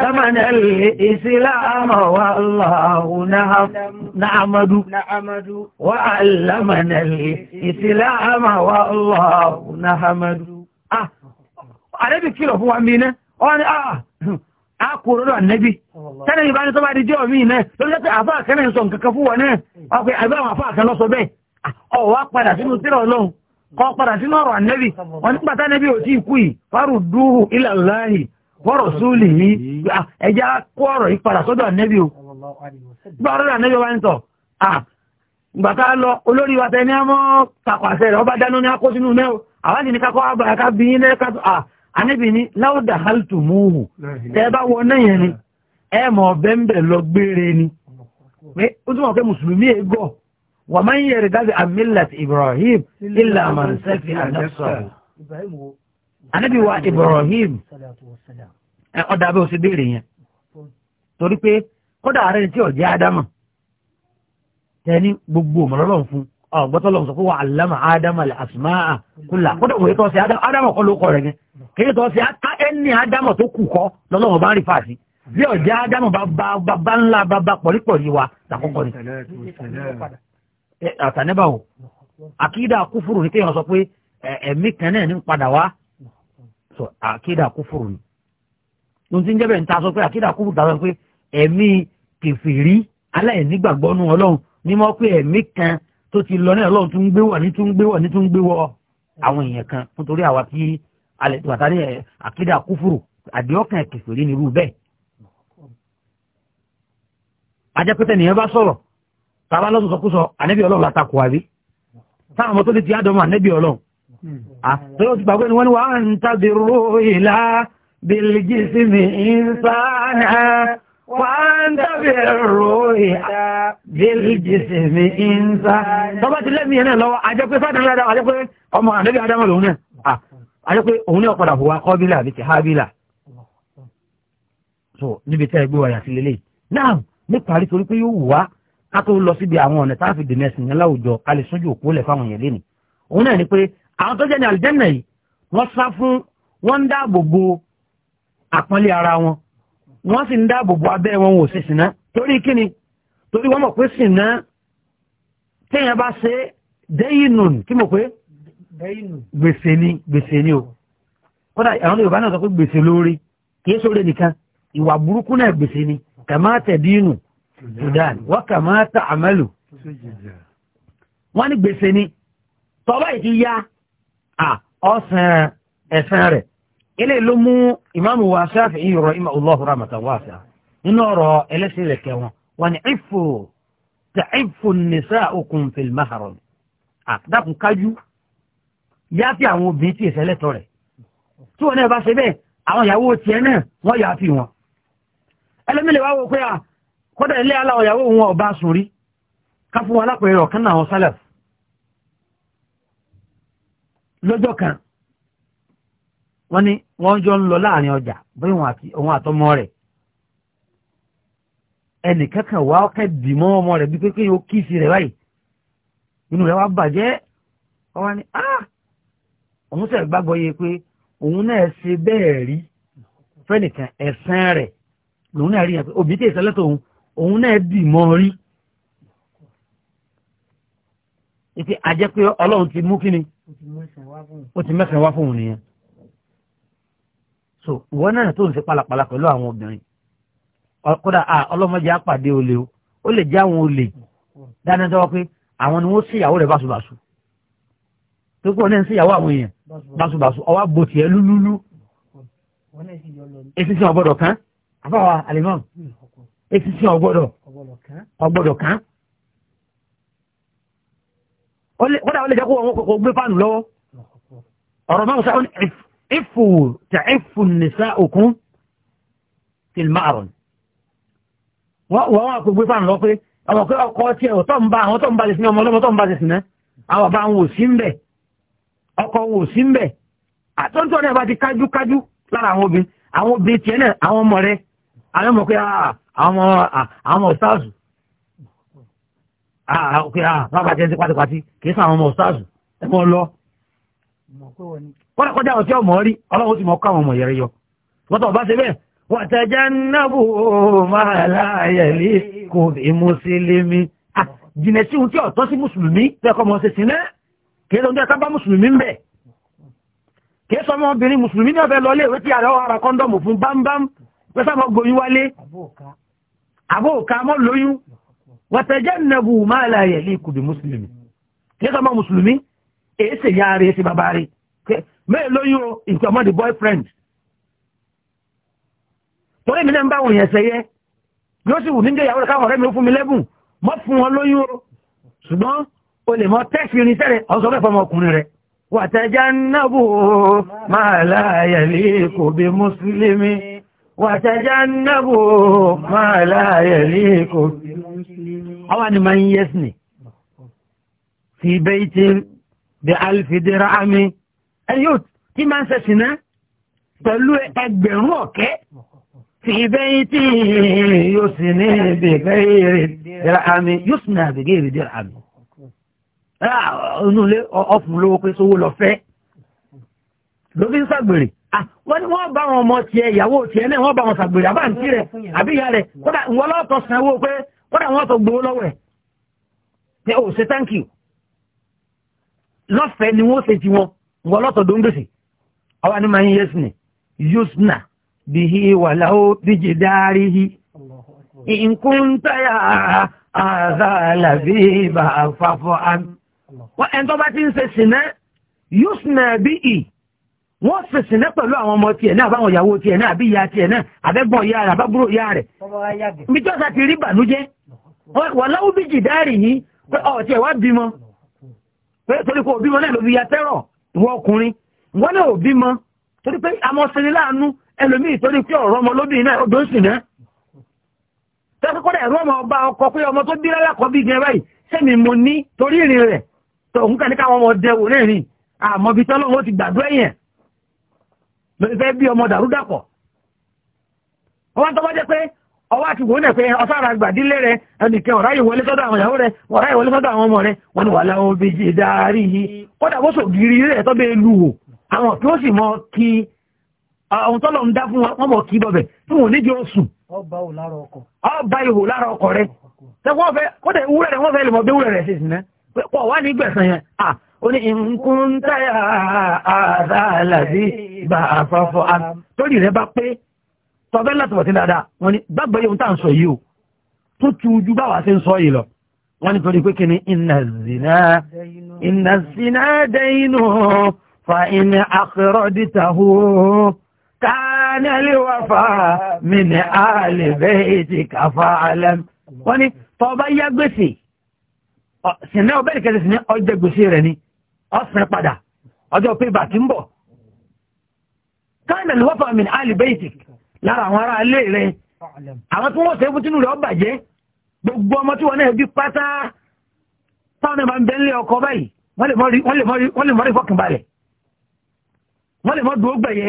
ثمن الإسلام والله نعمد وعلمنا الإسلام والله نحمد ah, àrẹ́bì kìlọ̀ fún wa mìíràn wọ́n ni ah, ah, a kò rọ́rọ̀ annabi tẹ́lẹ̀ yìí bá ní tọ́bá díjẹ́ omi náà lórí lẹ́tẹ̀ àfáà kan náà sọ nǹkankan fún wa náà wọ́n pe àbí àwọn àfáà kan lọ́sọ bẹ́ẹ̀ ọ̀wọ́ padà sínú tírà ọlọ́run kọ́ padà sínú ọ̀rọ̀ annabi wọ́n nígbàtà annabi ò tí ì kú yìí fárùdúhù ilà láàyè wọ́rọ̀ súúlì yìí ah, ẹjá kó ọ̀rọ̀ yìí padà sọ́dọ̀ ànẹ́bí o gbọ́ ọ̀rọ̀ ànẹ́bí wa ń sọ ah, gbàtà lọ olórí wa tẹ́ ní ọmọ kàkwàṣẹ rẹ̀ ọba dáná ní akó sínú mẹ́ o àwọn ìní kakọ́ àbàkà bí i lẹ́ kàtó à ah, ànẹ́bí ni láwùdà hàlùtù múhù tẹ́ bá wọ náà yẹn ni ẹ mọ̀ ọ̀bẹ ń anábì wa Ibrahim ọ̀dà abẹ́ òsì béèrè yẹn torí pé kódà ààrẹ tí ọ̀jẹ́ ádámà tẹni gbogbo ọ̀mọ̀lọ́lọ́ fún ọ̀gbọ́tọ̀lọ́ sọ fún wa alama ádámà lè àsùmáà kúlà kódà òye tó ṣe ádámà kọ́ ló kọ́ rẹ̀ yẹn kéye tó ṣe ẹni ádámà tó kù bá ń rí fàásì bí ńlá wa ni àtànẹ́bà àkídà kéèyàn sọ pé ẹ̀mí kan sọ àkídà kúfùrù ni ohun tí ń jẹ́ bẹ́ẹ̀ ń ta sọ pé àkídà kúfùrù dáwọn pé ẹ̀mí kẹfìrí aláìnígbàgbọ́ nù ọlọ́run ní mọ́ pé ẹ̀mí kan tó ti lọ náà ọlọ́run tún ń gbé wọ̀ ní tún ń gbé wọ̀ ní tún ń gbé wọ̀ àwọn èèyàn kan nítorí àwa tí alẹ́ tó àtàrí àkídà kúfùrù àdéhọ́kàn kẹfìrí nírú bẹ́ẹ̀ ajẹ́pẹ́tẹ́ nìyẹn bá sọ̀rọ̀ tàbá lọ́sọ̀sọ̀kúsọ ànẹ́bí ọlọ́run látakò àbí táwọn ọmọ tó lè ti àdọ́mọ ànẹ́bí ọlọ́run àtọ́lọ́ ah, ti pàgbé ni wọ́n ni wà ń tàbírò ìlà bílgísí mi ìsáàrà wà ń tàbírò ìlà bílgísí mi ìsáàrà tọ́bá ti lẹ́mí ẹ̀nà lọ́wọ́ ajẹ́pé fádàládà ajẹ́pé ọmọ àdẹ́bí adámọ̀ lòun náà ajẹ́pé ah, òun náà padà fòwà kọ́bílà àbí so níbi tẹ́ ẹgbẹ́ wàyà sí lélẹ̀ náà níparí torí pé yóò wá ká tó lọ síbi àwọn ọ̀nà táàfì dènẹ́sìn láwùjọ ká lè sójú òpó ni pé àwọn tó jẹ́ ní àlìjẹ́nà yìí wọ́n sá fún wọ́n ń dáàbò bo àpọ́nlé ara wọn wọ́n sì ń dáàbò bo abẹ́ wọn wò sí sìnà torí kíni torí wọ́n mọ̀ pé sìnà téèyàn bá ṣe déyìnù kí mọ̀ pé gbèsè ni gbèsè ni o kódà àwọn Yorùbá náà sọ pé gbèsè lórí kì í sóore nìkan ìwà burúkú náà gbèsè ni kàmá tẹ̀dínù Sudan wọ́n kàmá tà àmàlù wọ́n ní gbèsè ni tọ́ba yìí ti ya ọ̀sán ẹ̀sán rẹ̀ ilé ló mú ìmáàmù wa Ṣáfi'í rahimahullahu rahmatan wasi'a nínú ọ̀rọ̀ ẹlẹ́sìn rẹ̀ kẹwọn wọn ni ifu taifu nisa'ukum fil mahram àdàkùn kájú a àwọn obìnrin tí èsẹ̀ lẹ́tọ̀ rẹ̀ tí wọn náà bá ṣe bẹ́ẹ̀ àwọn ìyàwó tiẹ̀ náà wọ́n yáfi wọn ẹlẹ́mìlẹ̀ wá wò pé kọ́dà ilé aláwọ̀ ìyàwó wọn lọ́jọ́ kan wọ́n ní wọ́n jọ ń lọ láàrin ọjà àti ohun àtọmọ rẹ̀ kan wá ọkẹ́ dìmọ́ ọmọ rẹ̀ bí pé yóò kíìsì rẹ̀ báyìí inú rẹ̀ wá bàjẹ́ ọwọ́ ni ah òun sẹ̀ gbàgbọ́ yẹ pé òun náà ṣe bẹ́ẹ̀ rí fẹ́nìkan ẹ̀sán rẹ̀ lòun náà rí yẹn pé òbí ó ti mẹ́sàn-án wá fóun nìyẹn so ìwọ náà tó ń ṣe pálapàla pẹ̀lú àwọn obìnrin kódà ọlọ́mọdé apàdé olè o ó lè jẹ́ àwọn olè dáná sọ́wọ́ pé àwọn ni wọ́n síyàwó rẹ̀ báṣubàṣu tó kọ́ náà ń síyàwó àwọn èèyàn báṣubàṣu ọwọ́ bò tiẹ̀ lúlúlú etí sí ọgbọ́dọ̀ kan àbáwá àlẹ́mọ́ hmm, etí sí ọgbọ́dọ̀ ọgbọ́dọ̀ kan kódà wọ́n lè jẹ́ kó gbé fáànù lọ́wọ́ ọ̀rọ̀ máa ń sáwọn ìfò tà ìfò nìsá òkun ti máàrùn wọ́n wà kó gbé fáànù lọ pé àwọn pé ọkọ̀ tí ẹ̀ tó ń bá àwọn tó ń bá ti sinmi ọmọ ọlọ́mọ tó ń bá ti sinmi àwọn bá wọn ò sí ń bẹ̀ ọkọ̀ wọn sí ń bẹ̀ àtọ́ntọ́ náà bá ti kájú kájú lára àwọn obìnrin àwọn obìnrin tiẹ̀ náà àwọn ọmọ rẹ̀ àwọn ọmọ pé ah, ah, àwọn ah, ọmọ ọ̀sáàsù Ah, ah, ah, bàbá jẹ́ ti pátípátí kì í sàn àwọn ọmọ ọ̀sáàsù ẹ mọ́ lọ. kọ́dà kọjá ọtí ọmọ rí ọlọ́run ti mọ̀ kọ́ àwọn ọmọ yẹrẹ yọ. wọ́n tọ̀ bá ṣe bẹ́ẹ̀ watajannabu ma la yaliku bi muslimi jìnà sí ohun tí ọ̀tọ́ sí mùsùlùmí tẹ́kọ̀ mọ̀ ṣe sílẹ̀ kìí sọ ọjọ́ bá mùsùlùmí ń bẹ̀ kìí sọ ọmọbìnrin mùsùlùmí ní ọ̀fẹ́ lọlé ìwé tí àrẹ ara kọ́ndọ̀mù fún bámbám pẹ́sàmọ́ gboyún wálé àbóòká mọ́ lóyún watajannabu ma la yaliku bi mùsùlùmí kí ká mọ́ mùsùlùmí èyí sì yá rẹ̀ sí bàbá rẹ̀ mẹ́rin lóyún o boyfriend torí mi náà ń bá wọn yẹn sẹ́yẹ́ yóò sì wù nígbà ìyàwó rẹ̀ káwọn ọ̀rẹ́ mi ó fún mi lẹ́bùn mọ́ fún wọn lóyún o ṣùgbọ́n o lè mọ tẹ́ẹ̀sì irinṣẹ́ rẹ̀ ọ̀sọ́ bẹ́ẹ̀ fọmọ ọkùnrin watajannabu ma la yaliku bi mùsùlùmí وتجنبوا ما لا يليق أوان من يسني في بيت بألف درهم أيوت tí máa ń sẹ̀sìná pẹ̀lú ẹgbẹ̀rún ọ̀kẹ́ tí ibẹ́ tí yóò sì ní àbẹ̀gẹ́rẹ̀ àmì inú ilé ọ̀fun Ah, wọ́n ní wọ́n bá wọn ọmọ tiẹ̀ ìyàwó tiẹ̀ náà wọ́n bá wọn sàgbèrè àbá ń tí rẹ̀ àbí ìyá rẹ̀ kódà wọ́n lọ́tọ̀ sanwó pé kódà wọ́n tó gbowó lọ́wọ́ ẹ̀ pé ó ṣe thank ni wọ́n ṣe ti wọn wọ́n lọ́tọ̀ dóńgbèsè ni máa ń yẹ sí ni yusna bihi wàláwó díje dáríhi ìkúntayà àzàlàbí bàfàfọ́ àmì wọ́n ẹni tó bá ti ń ṣe sìnẹ́ yusna bihi. wọ́n fèsìn náà pẹ̀lú àwọn ọmọ tiẹ̀ náà àbáwọn ìyàwó tiẹ̀ náà àbí ìyá tiẹ̀ náà àbẹ́gbọ̀n ìyá rẹ̀ àbábúrò ìyá rẹ̀. ibi tí ọ̀sà ti rí bànújẹ́ wọ́n láwọ́ bí jìdáàrì yìí pé ọ̀ tiẹ̀ wá bímọ torí pé òbímọ náà ló fi ya tẹ́rọ̀ ìwọ ọkùnrin wọ́n náà òbímọ torí pé àmọ́ sinmi láàánú ẹlòmíì torí pé ọ̀rọ̀ ọmọ lóbìnrin náà odò sì ná. tọ́sí kọ́dà ẹ̀rọ ọmọ ọba ọkọ pé ọmọ tó bí rárá kọ́ bí gẹ̀ẹ́ báyìí sẹ́mi mo ní torí ìrìn rẹ̀ tó òun kàn ní káwọn ọmọ dẹwò náà rìn àmọ́ bí tọ́lọ́wọ́ ti gbàdúrà yẹn fẹ́ bí ọmọ dàrú dàpọ̀ ọwọ́ tọ́wọ́ jẹ́ pé ọwọ́ àti wò nẹ̀ pé ọ̀sára gbàdílé rẹ ẹnìkan ọ̀rá yìí wọlé sọ́dọ̀ àwọn ìyàwó rẹ ọ̀rá yìí wọlé sọ́dọ̀ àwọn ọmọ rẹ wọn ni wà láwọn obèjì dáárí yìí kódà bó sògiri rẹ̀ tọ́ bẹ́ẹ̀ lu wò àwọn kí ó sì mọ kí ohun tọ́lọ̀ ń dá fún wọn mọ̀ kí bọ̀bẹ̀ tí wọn níjẹ́ oṣù ọba ihò lára ọkọ̀ rẹ kódà ewúrẹ́ rẹ wọ́n fẹ́ lè mọ bí ewúrẹ́ rẹ ṣe sì ná ó ní nǹkan táyà ààrà àlàdé bá àfọ́fọ́ a torí rẹ bá pé tọ́bẹ́ láti wọ̀ sí dáadáa wọ́n ní gbàgbọ́ yóò tàn sọ yìí o tó tu ojú bá wàá ṣe ń sọ yìí lọ wọ́n ní torí pé kí ni iná zina iná zina dẹ́yìnú fa iná àkọrọ̀dítàhó kánálì wà fà mí ní àlèbẹ́ ètì káfà alẹ́ wọ́n ní tọ́ba yá gbèsè sinẹ́ ọbẹ̀ ni. ọ̀sán padà ọjọ́ pébà tí ń bọ̀ káàmì lọ́fà min ali basic lára àwọn ará ilé rẹ àwọn tí wọ́n ṣe fún tínú rẹ̀ ọ bàjẹ́ gbogbo ọmọ tí wọ́n náà bí pátá táwọn ẹ̀bá ń bẹ́ ńlẹ̀ báyìí wọ́n lè mọ́rí fọ́kànbalẹ̀ wọ́n lè mọ́ dúró gbẹ̀yẹ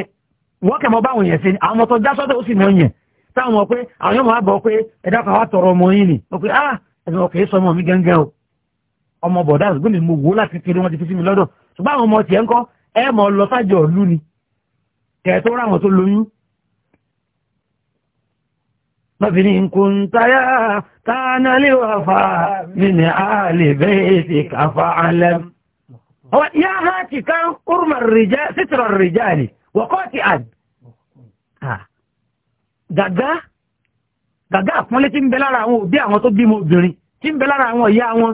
wọ́n báwọn yẹn sí àwọn ọmọ ó sì táwọn ọmọ pé àwọn ọmọ bọ̀dá àgbẹ̀ ni mo wò láti kiri wọn ti fi sí mi lọ́dọ̀ ṣùgbọ́n àwọn ọmọ tiẹ̀ ń kọ́ ẹ mọ̀ lọ sájọ ìlú ni kẹ̀ẹ́tọ́ ra àwọn tó lóyún. lọ́fi ní nkùntáyà tánálé wà fà nínú àlè bẹ́ẹ̀ ti kàfà alẹ́. yá ha ti ká kúrúmà rìjà sítìrọ̀ rìjà ni wọ́kọ́ ti àd. gàgá gàgá àpọ́nlé tí ń bẹ lára àwọn òbí àwọn tó bímọ obìnrin tí ń bẹ lára àwọn ìyá wọn.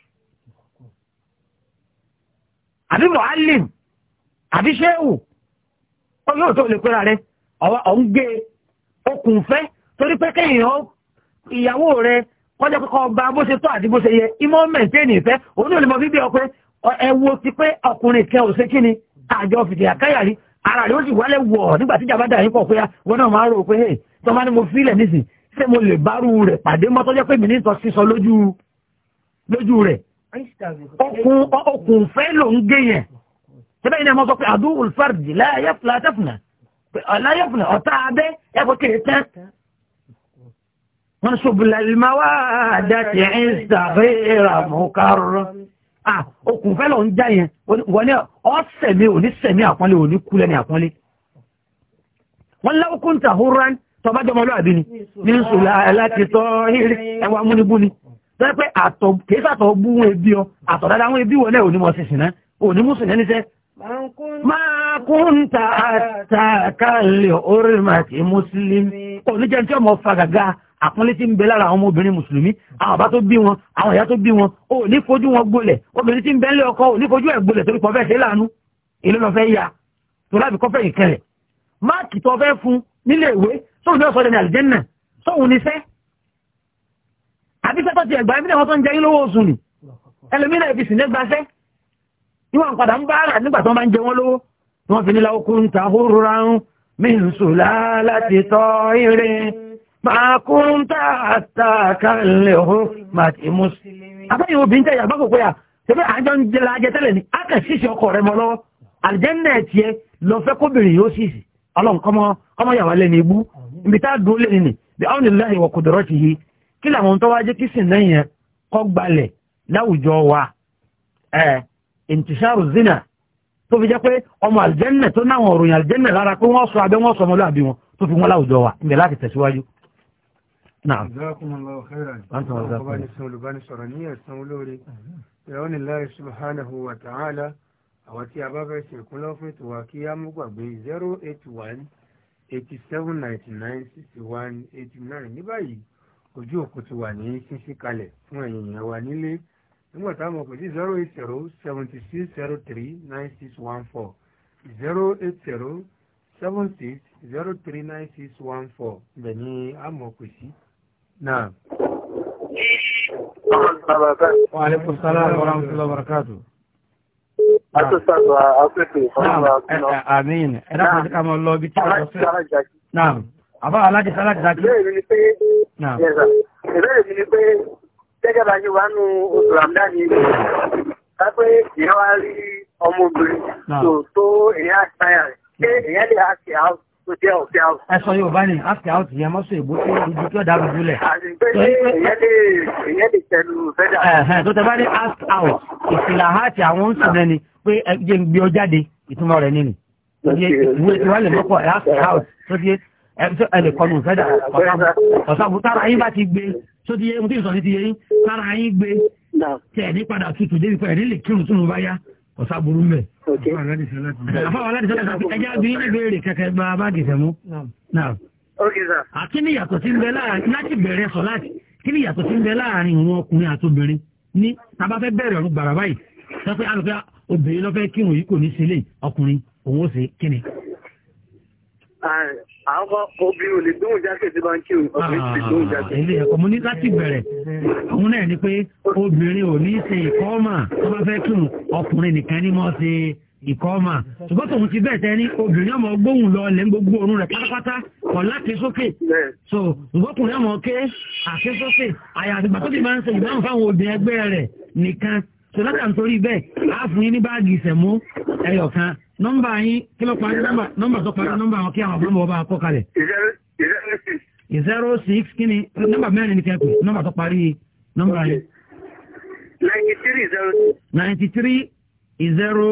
àbí mọ̀álìm àbí ṣéwù ó yóò tó lè pera rẹ ọ̀ ń gbé okùn fẹ́ torí pé kéèyàn ìyàwó rẹ kọjá pé kọ́ ọba bó ṣe tọ́ àti bó ṣe yẹ ìmọ̀ mẹ̀ntẹ́ẹ̀nì ìfẹ́ òun náà lè mọ bíbí ọpẹ ẹwo ti pé ọkùnrin kẹ ò ṣe kí ni àjọ fìdí àkáyàrí ara rẹ ó sì wálẹ̀ wọ̀ nígbà tí ìjàmbá dà pọ̀ pé ah, wọn náà máa rò pé hey tó máa ní mo fílẹ̀ nísìn ṣé mo lè pé mi ní sọ sísọ ọkùn fẹ́ ló ń gé yẹn tẹ́bẹ́ iná mọ́ sọ pé àdúrà fàrdì láyẹ́fúnà láyẹ́fúnà ọ̀tá abẹ́ ẹ̀kọ́ kéré tán wọ́n ṣubùlà ìmáwá àdáti ìsàfẹ́ra mọ́kàrọ́ ọkùn fẹ́ ló ń já yẹn wọ́n ní ọ̀sẹ̀mí òní sẹ̀mí àpọ́nlé òní kúlẹ̀ ní àpọ́nlé wọ́n láwùkúntà húrán tọ́bájọ́mọlúwàbí ni ní sùlá láti tọ́ ẹwà múnibúni pẹ́pẹ́ àtọ̀ kéésàtọ̀ bú wọn ebi ọ àtọ̀ dáadáa wọn ebi wọn náà onímọ̀ sísìn náà onímọ̀ sísìn níṣẹ́. máa kún ta àtàkàlẹ̀ orí màtí mùsùlùmí oníjẹ́ tí ọmọ fagagá àpọ́nlé tí ń bẹ lára àwọn ọmọbìnrin mùsùlùmí àwọn bàbá tó bí wọn àwọn ìyá tó bí wọn ò ní fojú wọn gbolẹ̀ obìnrin tí ń bẹ ńlẹ̀ ọkọ ò ní fojú ẹ̀ gbolẹ̀ torí pọ̀ fẹ́ ṣe láàánú ìlú lọ fẹ́ ya tó lábì kọ́fẹ́ ìkẹlẹ̀ máàkì tó fẹ́ fún nílé ìwé sóhun ní ọ̀sọ́dẹ̀ ní àlìjẹ́nà sóhun ní fẹ́ àbí sẹ́tọ́ ti ẹ̀gbà ẹ̀mílẹ̀ wọn tó ń jẹ yín lówó oṣù nì ẹlòmínà ìfisì nígbàṣẹ́ níwọ̀n padà ń bára nígbà tó máa ń jẹ wọn lówó wọ́n fi ní láwókú ń ta hóra ń mínsùlá láti tọ́ ire máa kú ń ta àtàkàlẹ̀ hó màtí mùsùlùmí. àbẹ́yìn obìnrin tẹ̀yà bá kò pé kí làwọn tó wá jẹ́ kí sìn náà yẹn kọ́ gbalẹ̀ láwùjọ wa ẹ̀ ìntìṣàrù zina tó fi jẹ́ pé ọmọ àlìjẹ́nà tó náwọn òròyìn àlìjẹ́nà lára pé wọ́n sọ abẹ́ wọ́n sọ ọmọlúàbí wọn tó fi wọ́n láwùjọ wa ìbẹ̀ láti tẹ̀síwájú. eighty seven ninety nine sixty one eighty nine ní báyìí ojú òkú ti wà ní ṣíṣí kalẹ̀ fún ẹ̀yin èèyàn wa nílé nígbà táwọn ọkọ̀ sí zero eight zero seventy six zero three nine six one four zero eight zero seven six zero three nine six one four ibẹ̀ ni a mọ̀ pè sí. náà. wa aleykum salaam wa rahmatulah wa barakatu. Àtúnṣàtò àfẹ́fẹ́ ìfọ̀nàmọ́ àtúnṣàtò. Àmín. Ẹ̀dá kan ti ká mọ lọ bí tí a lọ sí. Àbá aláàjì sáláàjì dájú. Ilé ìrìn ni pé ìbéèrè mi ni pé gẹ́gẹ́ bá ṣe wà nù oṣù ramadan yìí ká pé ìyá wa rí ọmọbìnrin tó tó èyí àṣàyàn rẹ̀ ṣé èyí lè àṣẹ àwọn out. jẹ́ ọ̀fẹ́ ẹ sọ Yorùbá ni ask out yẹn mọ́sọ̀ èbó tí ojú kí ọ̀dà rújú lẹ̀. àṣìpé ìyẹn lè ìyẹn lè tẹnu fẹ́dà. ẹ̀hẹ̀n tó tẹ bá ní ask out ìfìlà àti àwọn oṣù náà ni pé ẹ jẹ́ gbé ọ jáde ìtumọ̀ rẹ̀ nínú. ìwé ìwà mọ́kọ̀ ask out tó ti ẹlẹ́kọ́nù fẹ́dà ọ̀sàbù tára yín bá ti gbé tó ti yé mo ti sọ sí ti yé yín tára yín gbé tẹ̀ ní padà tutù débi pẹ̀lú ẹ̀rí lè kírun tó ń bá yá ọ̀sàbùrú mẹ́. àfọwọ́ aládìsẹ́lẹ̀ ẹjẹ́ àbí yín níbèrè kẹ̀kẹ́ gba báàgì fẹ́ mú. àkíní yàtọ̀ sí ń bẹ láàrin láti bẹ̀rẹ̀ sọ láti kíní yàtọ̀ sí ń bẹ láàrin òun ọkùnrin àti obìnrin ní tábà fẹ́ bẹ̀rẹ̀ ọ̀run gbàrà báyìí sọ pé alùpẹ́ obìnrin lọ́fẹ́ kírun yìí kò ní sílé ọkùnrin òun ó ṣe kíni àwọn obìnrin ò lè gbóhùn jákè tí máa ń kírun ọkùnrin ti ah, gbóhùn jákè. ilé ẹ̀kọ́ mo ní láti bẹ̀rẹ̀ òun náà ni pé obìnrin ò ní ṣe ìkọ́mà tó bá fẹ́ kírun ọkùnrin nìkan ni mo ṣe ìkọ́mà ṣùgbọ́n tòun ti bẹ̀ tẹ́ni obìnrin ọmọ gbóhùn lọ lẹ́ gbogbo orun rẹ̀ pátápátá kọ̀ láti sókè so ìgbọ́kùnrin ọmọ ké àti sókè àyà tó ti máa ń ṣe ìbámu fáwọn obìnrin ẹgbẹ́ rẹ̀ nìkan so látà bẹ́ẹ̀ á ní báàgì ìṣẹ̀mú ẹyọ̀kan nọ́mbà yín kí ló parí nọ́mbà nọ́mbà tó parí nọ́mbà wọn kí àwọn ọ̀bọ̀n wọn bá kọ́ kalẹ̀. zero six kí ni nọ́mbà mẹ́rin ni kẹ́kọ̀ọ́ nọ́mbà tó parí nọ́mbà yín. ninety three zero six. ninety three zero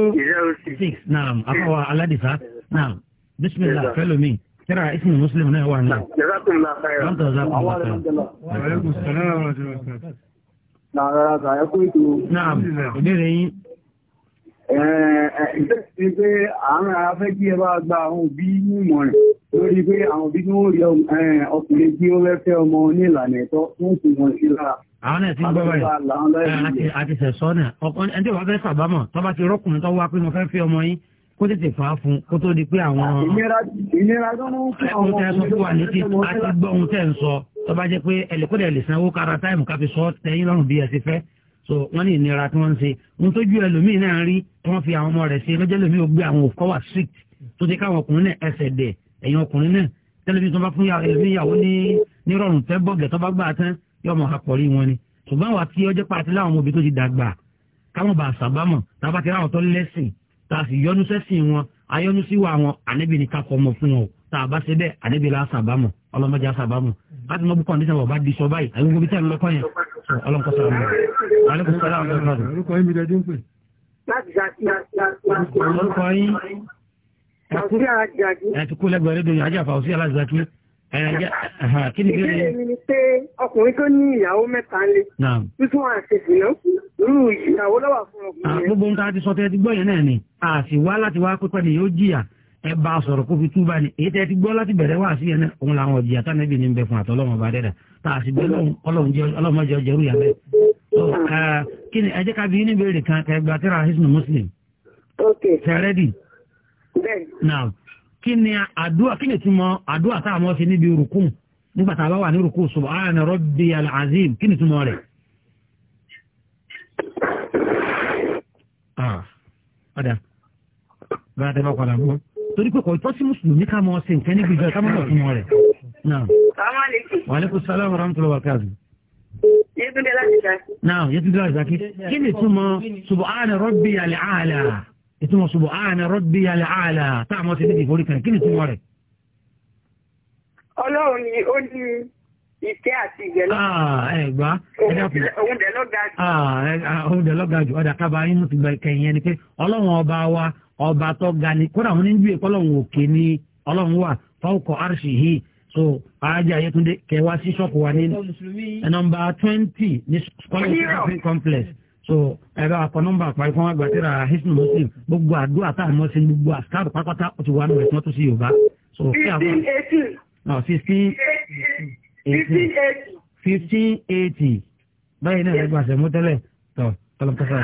six naam afọwọ́ aládìsá naam bisimilah fẹlẹ́mi kíra ismi muslim náà wà náà. jazakumullah khairan. wọ́n tọ́jú àwọn ọ̀la fẹ́ràn. wàhálà ìgbésẹ̀ náà Ìgbésẹ̀ pé àwọn afẹ́ kí ẹ bá gba àwọn òbí nímọ̀ rẹ̀ lórí pé àwọn òbí tí wọ́n rí ọkùnrin tí ó rẹ́fẹ́ ọmọ ní ìlànà ẹ̀tọ́ wọ́n sì wọ́n sí lára. Àwọn ẹ̀ tí ń gbọ́ báyìí, àti sẹ̀sọ́nà, ọkùnrin ẹni tí wọ́n fẹ́ sàbámọ̀, tó bá ti rọ́kùnrin tó wá pé mo fẹ́ fi ọmọ yín, kó tètè fà á fún kó tó di pé àwọn. ìnira tó ń fún ọmọ ọmọ tẹ sọ fún wa ní ti a ti gbọ́ ohun tẹ̀ ń sọ so wọ́n ní ìnira tí wọ́n ń ṣe ohun tójú ẹlòmíì náà rí tí wọ́n fi àwọn ọmọ rẹ̀ ṣe lọ́jọ́ lómi ò gbé àwọn òkọ́ wà strict tó ti káwọn ọkùnrin náà ẹsẹ̀ dẹ̀ ẹ̀yin ọkùnrin náà tẹ́lifíṣàn tó bá fún ìyàwó ní nírọ̀rùn tẹ́ bọ́ọ̀gẹ̀ tó bá gbà tán yọ ọmọ àkọ́rí wọn ni ṣùgbọ́n wà tí ọjọ́ pàtí láwọn ọmọ obì tó ti dàgbà káwọn bá sábàmọ̀ tábà ti ráwọn tó lẹ́sìn tá a sì yọnu sẹ́sìn wọn ayọ́nu sí wa wọn ànẹ́bí ni ká fọmọ fún wọn tá a bá ṣe bẹ́ẹ̀ ànẹ́bí la sábàmọ̀ ọlọ́mọdé aṣàbámu láti mọ búkọ̀ nígbà bàbá di sọ báyìí àwọn ibi tẹ́ ń lọ́kọ́ yẹn ọlọ́mọkọ sọ̀rọ̀ mi. alẹ́kùn sọ̀rọ̀ àwọn ọ̀dọ́ rẹ̀. orúkọ yín mi dẹ́jú ń pè. orúkọ yín. ẹ̀tí kú lẹ́gbẹ̀ẹ́ rédíò yìí ajá fàwọ́sí aláàzákí. kí ni ìbéèrè mi ni pé ọkùnrin tó ní ìyàwó mẹ́ta lé. tuntun àṣèṣì náà irú ìyàwó lọ́wọ́ fún ọkùnrin ah, yẹn. gbogbo nǹkan ti sọ ẹ a sọ̀rọ̀ kó fi ní ti gbọ́ láti bẹ̀rẹ̀ wá sí ẹ̀nà òun làwọn ọ̀jì àtànẹ́bì ní bẹ fún àtọ́lọ́mọ bá dẹ́dà tá a sì bẹ́ ọlọ́mọdé ọjọ́rú yà bẹ́ẹ̀. kí ni ẹ jẹ́ ká ìbéèrè kan ẹgbẹ́ àtẹ́rà hisnu muslim. tẹ̀rẹ́dì. kí ni àdúrà kí ni túmọ̀ àdúrà tá a mọ̀ níbi rukun nígbà tá a bá wà ní rukun ni túmọ̀ rẹ̀. Ah, torí pé kò tọ́ sí mùsùlùmí ká mọ ṣe nǹkan níbi ìjọ ká mọ̀ fún wọn rẹ̀. wàlẹ́kùn sálàmù rántúlọ̀ wákàtí. yétúndé láti sàkí. náà yétúndé láti sàkí kí ni ìtumọ̀ subhana rabbi yàlẹ àlà ìtumọ̀ subhana rabbi yàlẹ àlà táwọn ti níbi ìforí kan kí ni ìtumọ̀ rẹ̀. ọlọ́run ni ó ní ìfẹ́ àti ìgbẹ́lọ́. Ah, ẹ gbá ẹ dákun. òun dẹ̀ lọ́ga jù. Ah, ah, òun dẹ̀ lọ́ga ti gba ìkẹyìn ẹni pé ọlọ́run ọba wa ọba tó ga ni kódà wọn ní ju èkó ọlọ́run òkè ni ọlọ́run wà fáwọkọ̀ arṣì yìí so ajá ayétúndé kẹwàá sí ṣọ́ọ̀kù wa ní nọmba twenty ní scholarship shopping complex so ẹ̀rọ àpọ̀ nọmba àpárí fún wa hisnu muslim gbogbo àdúrà tá a mọ̀ sí gbogbo àṣkáàrù pátápátá ó ti wà nù ẹ̀sán tó sí yorùbá. fifteen eighteen. no fifteen eighteen fifteen eighty báyìí náà ẹgbàá sẹ̀mú tẹ́lẹ̀ tọ́ tọ́lọ́mùtọ́sọ̀rọ̀.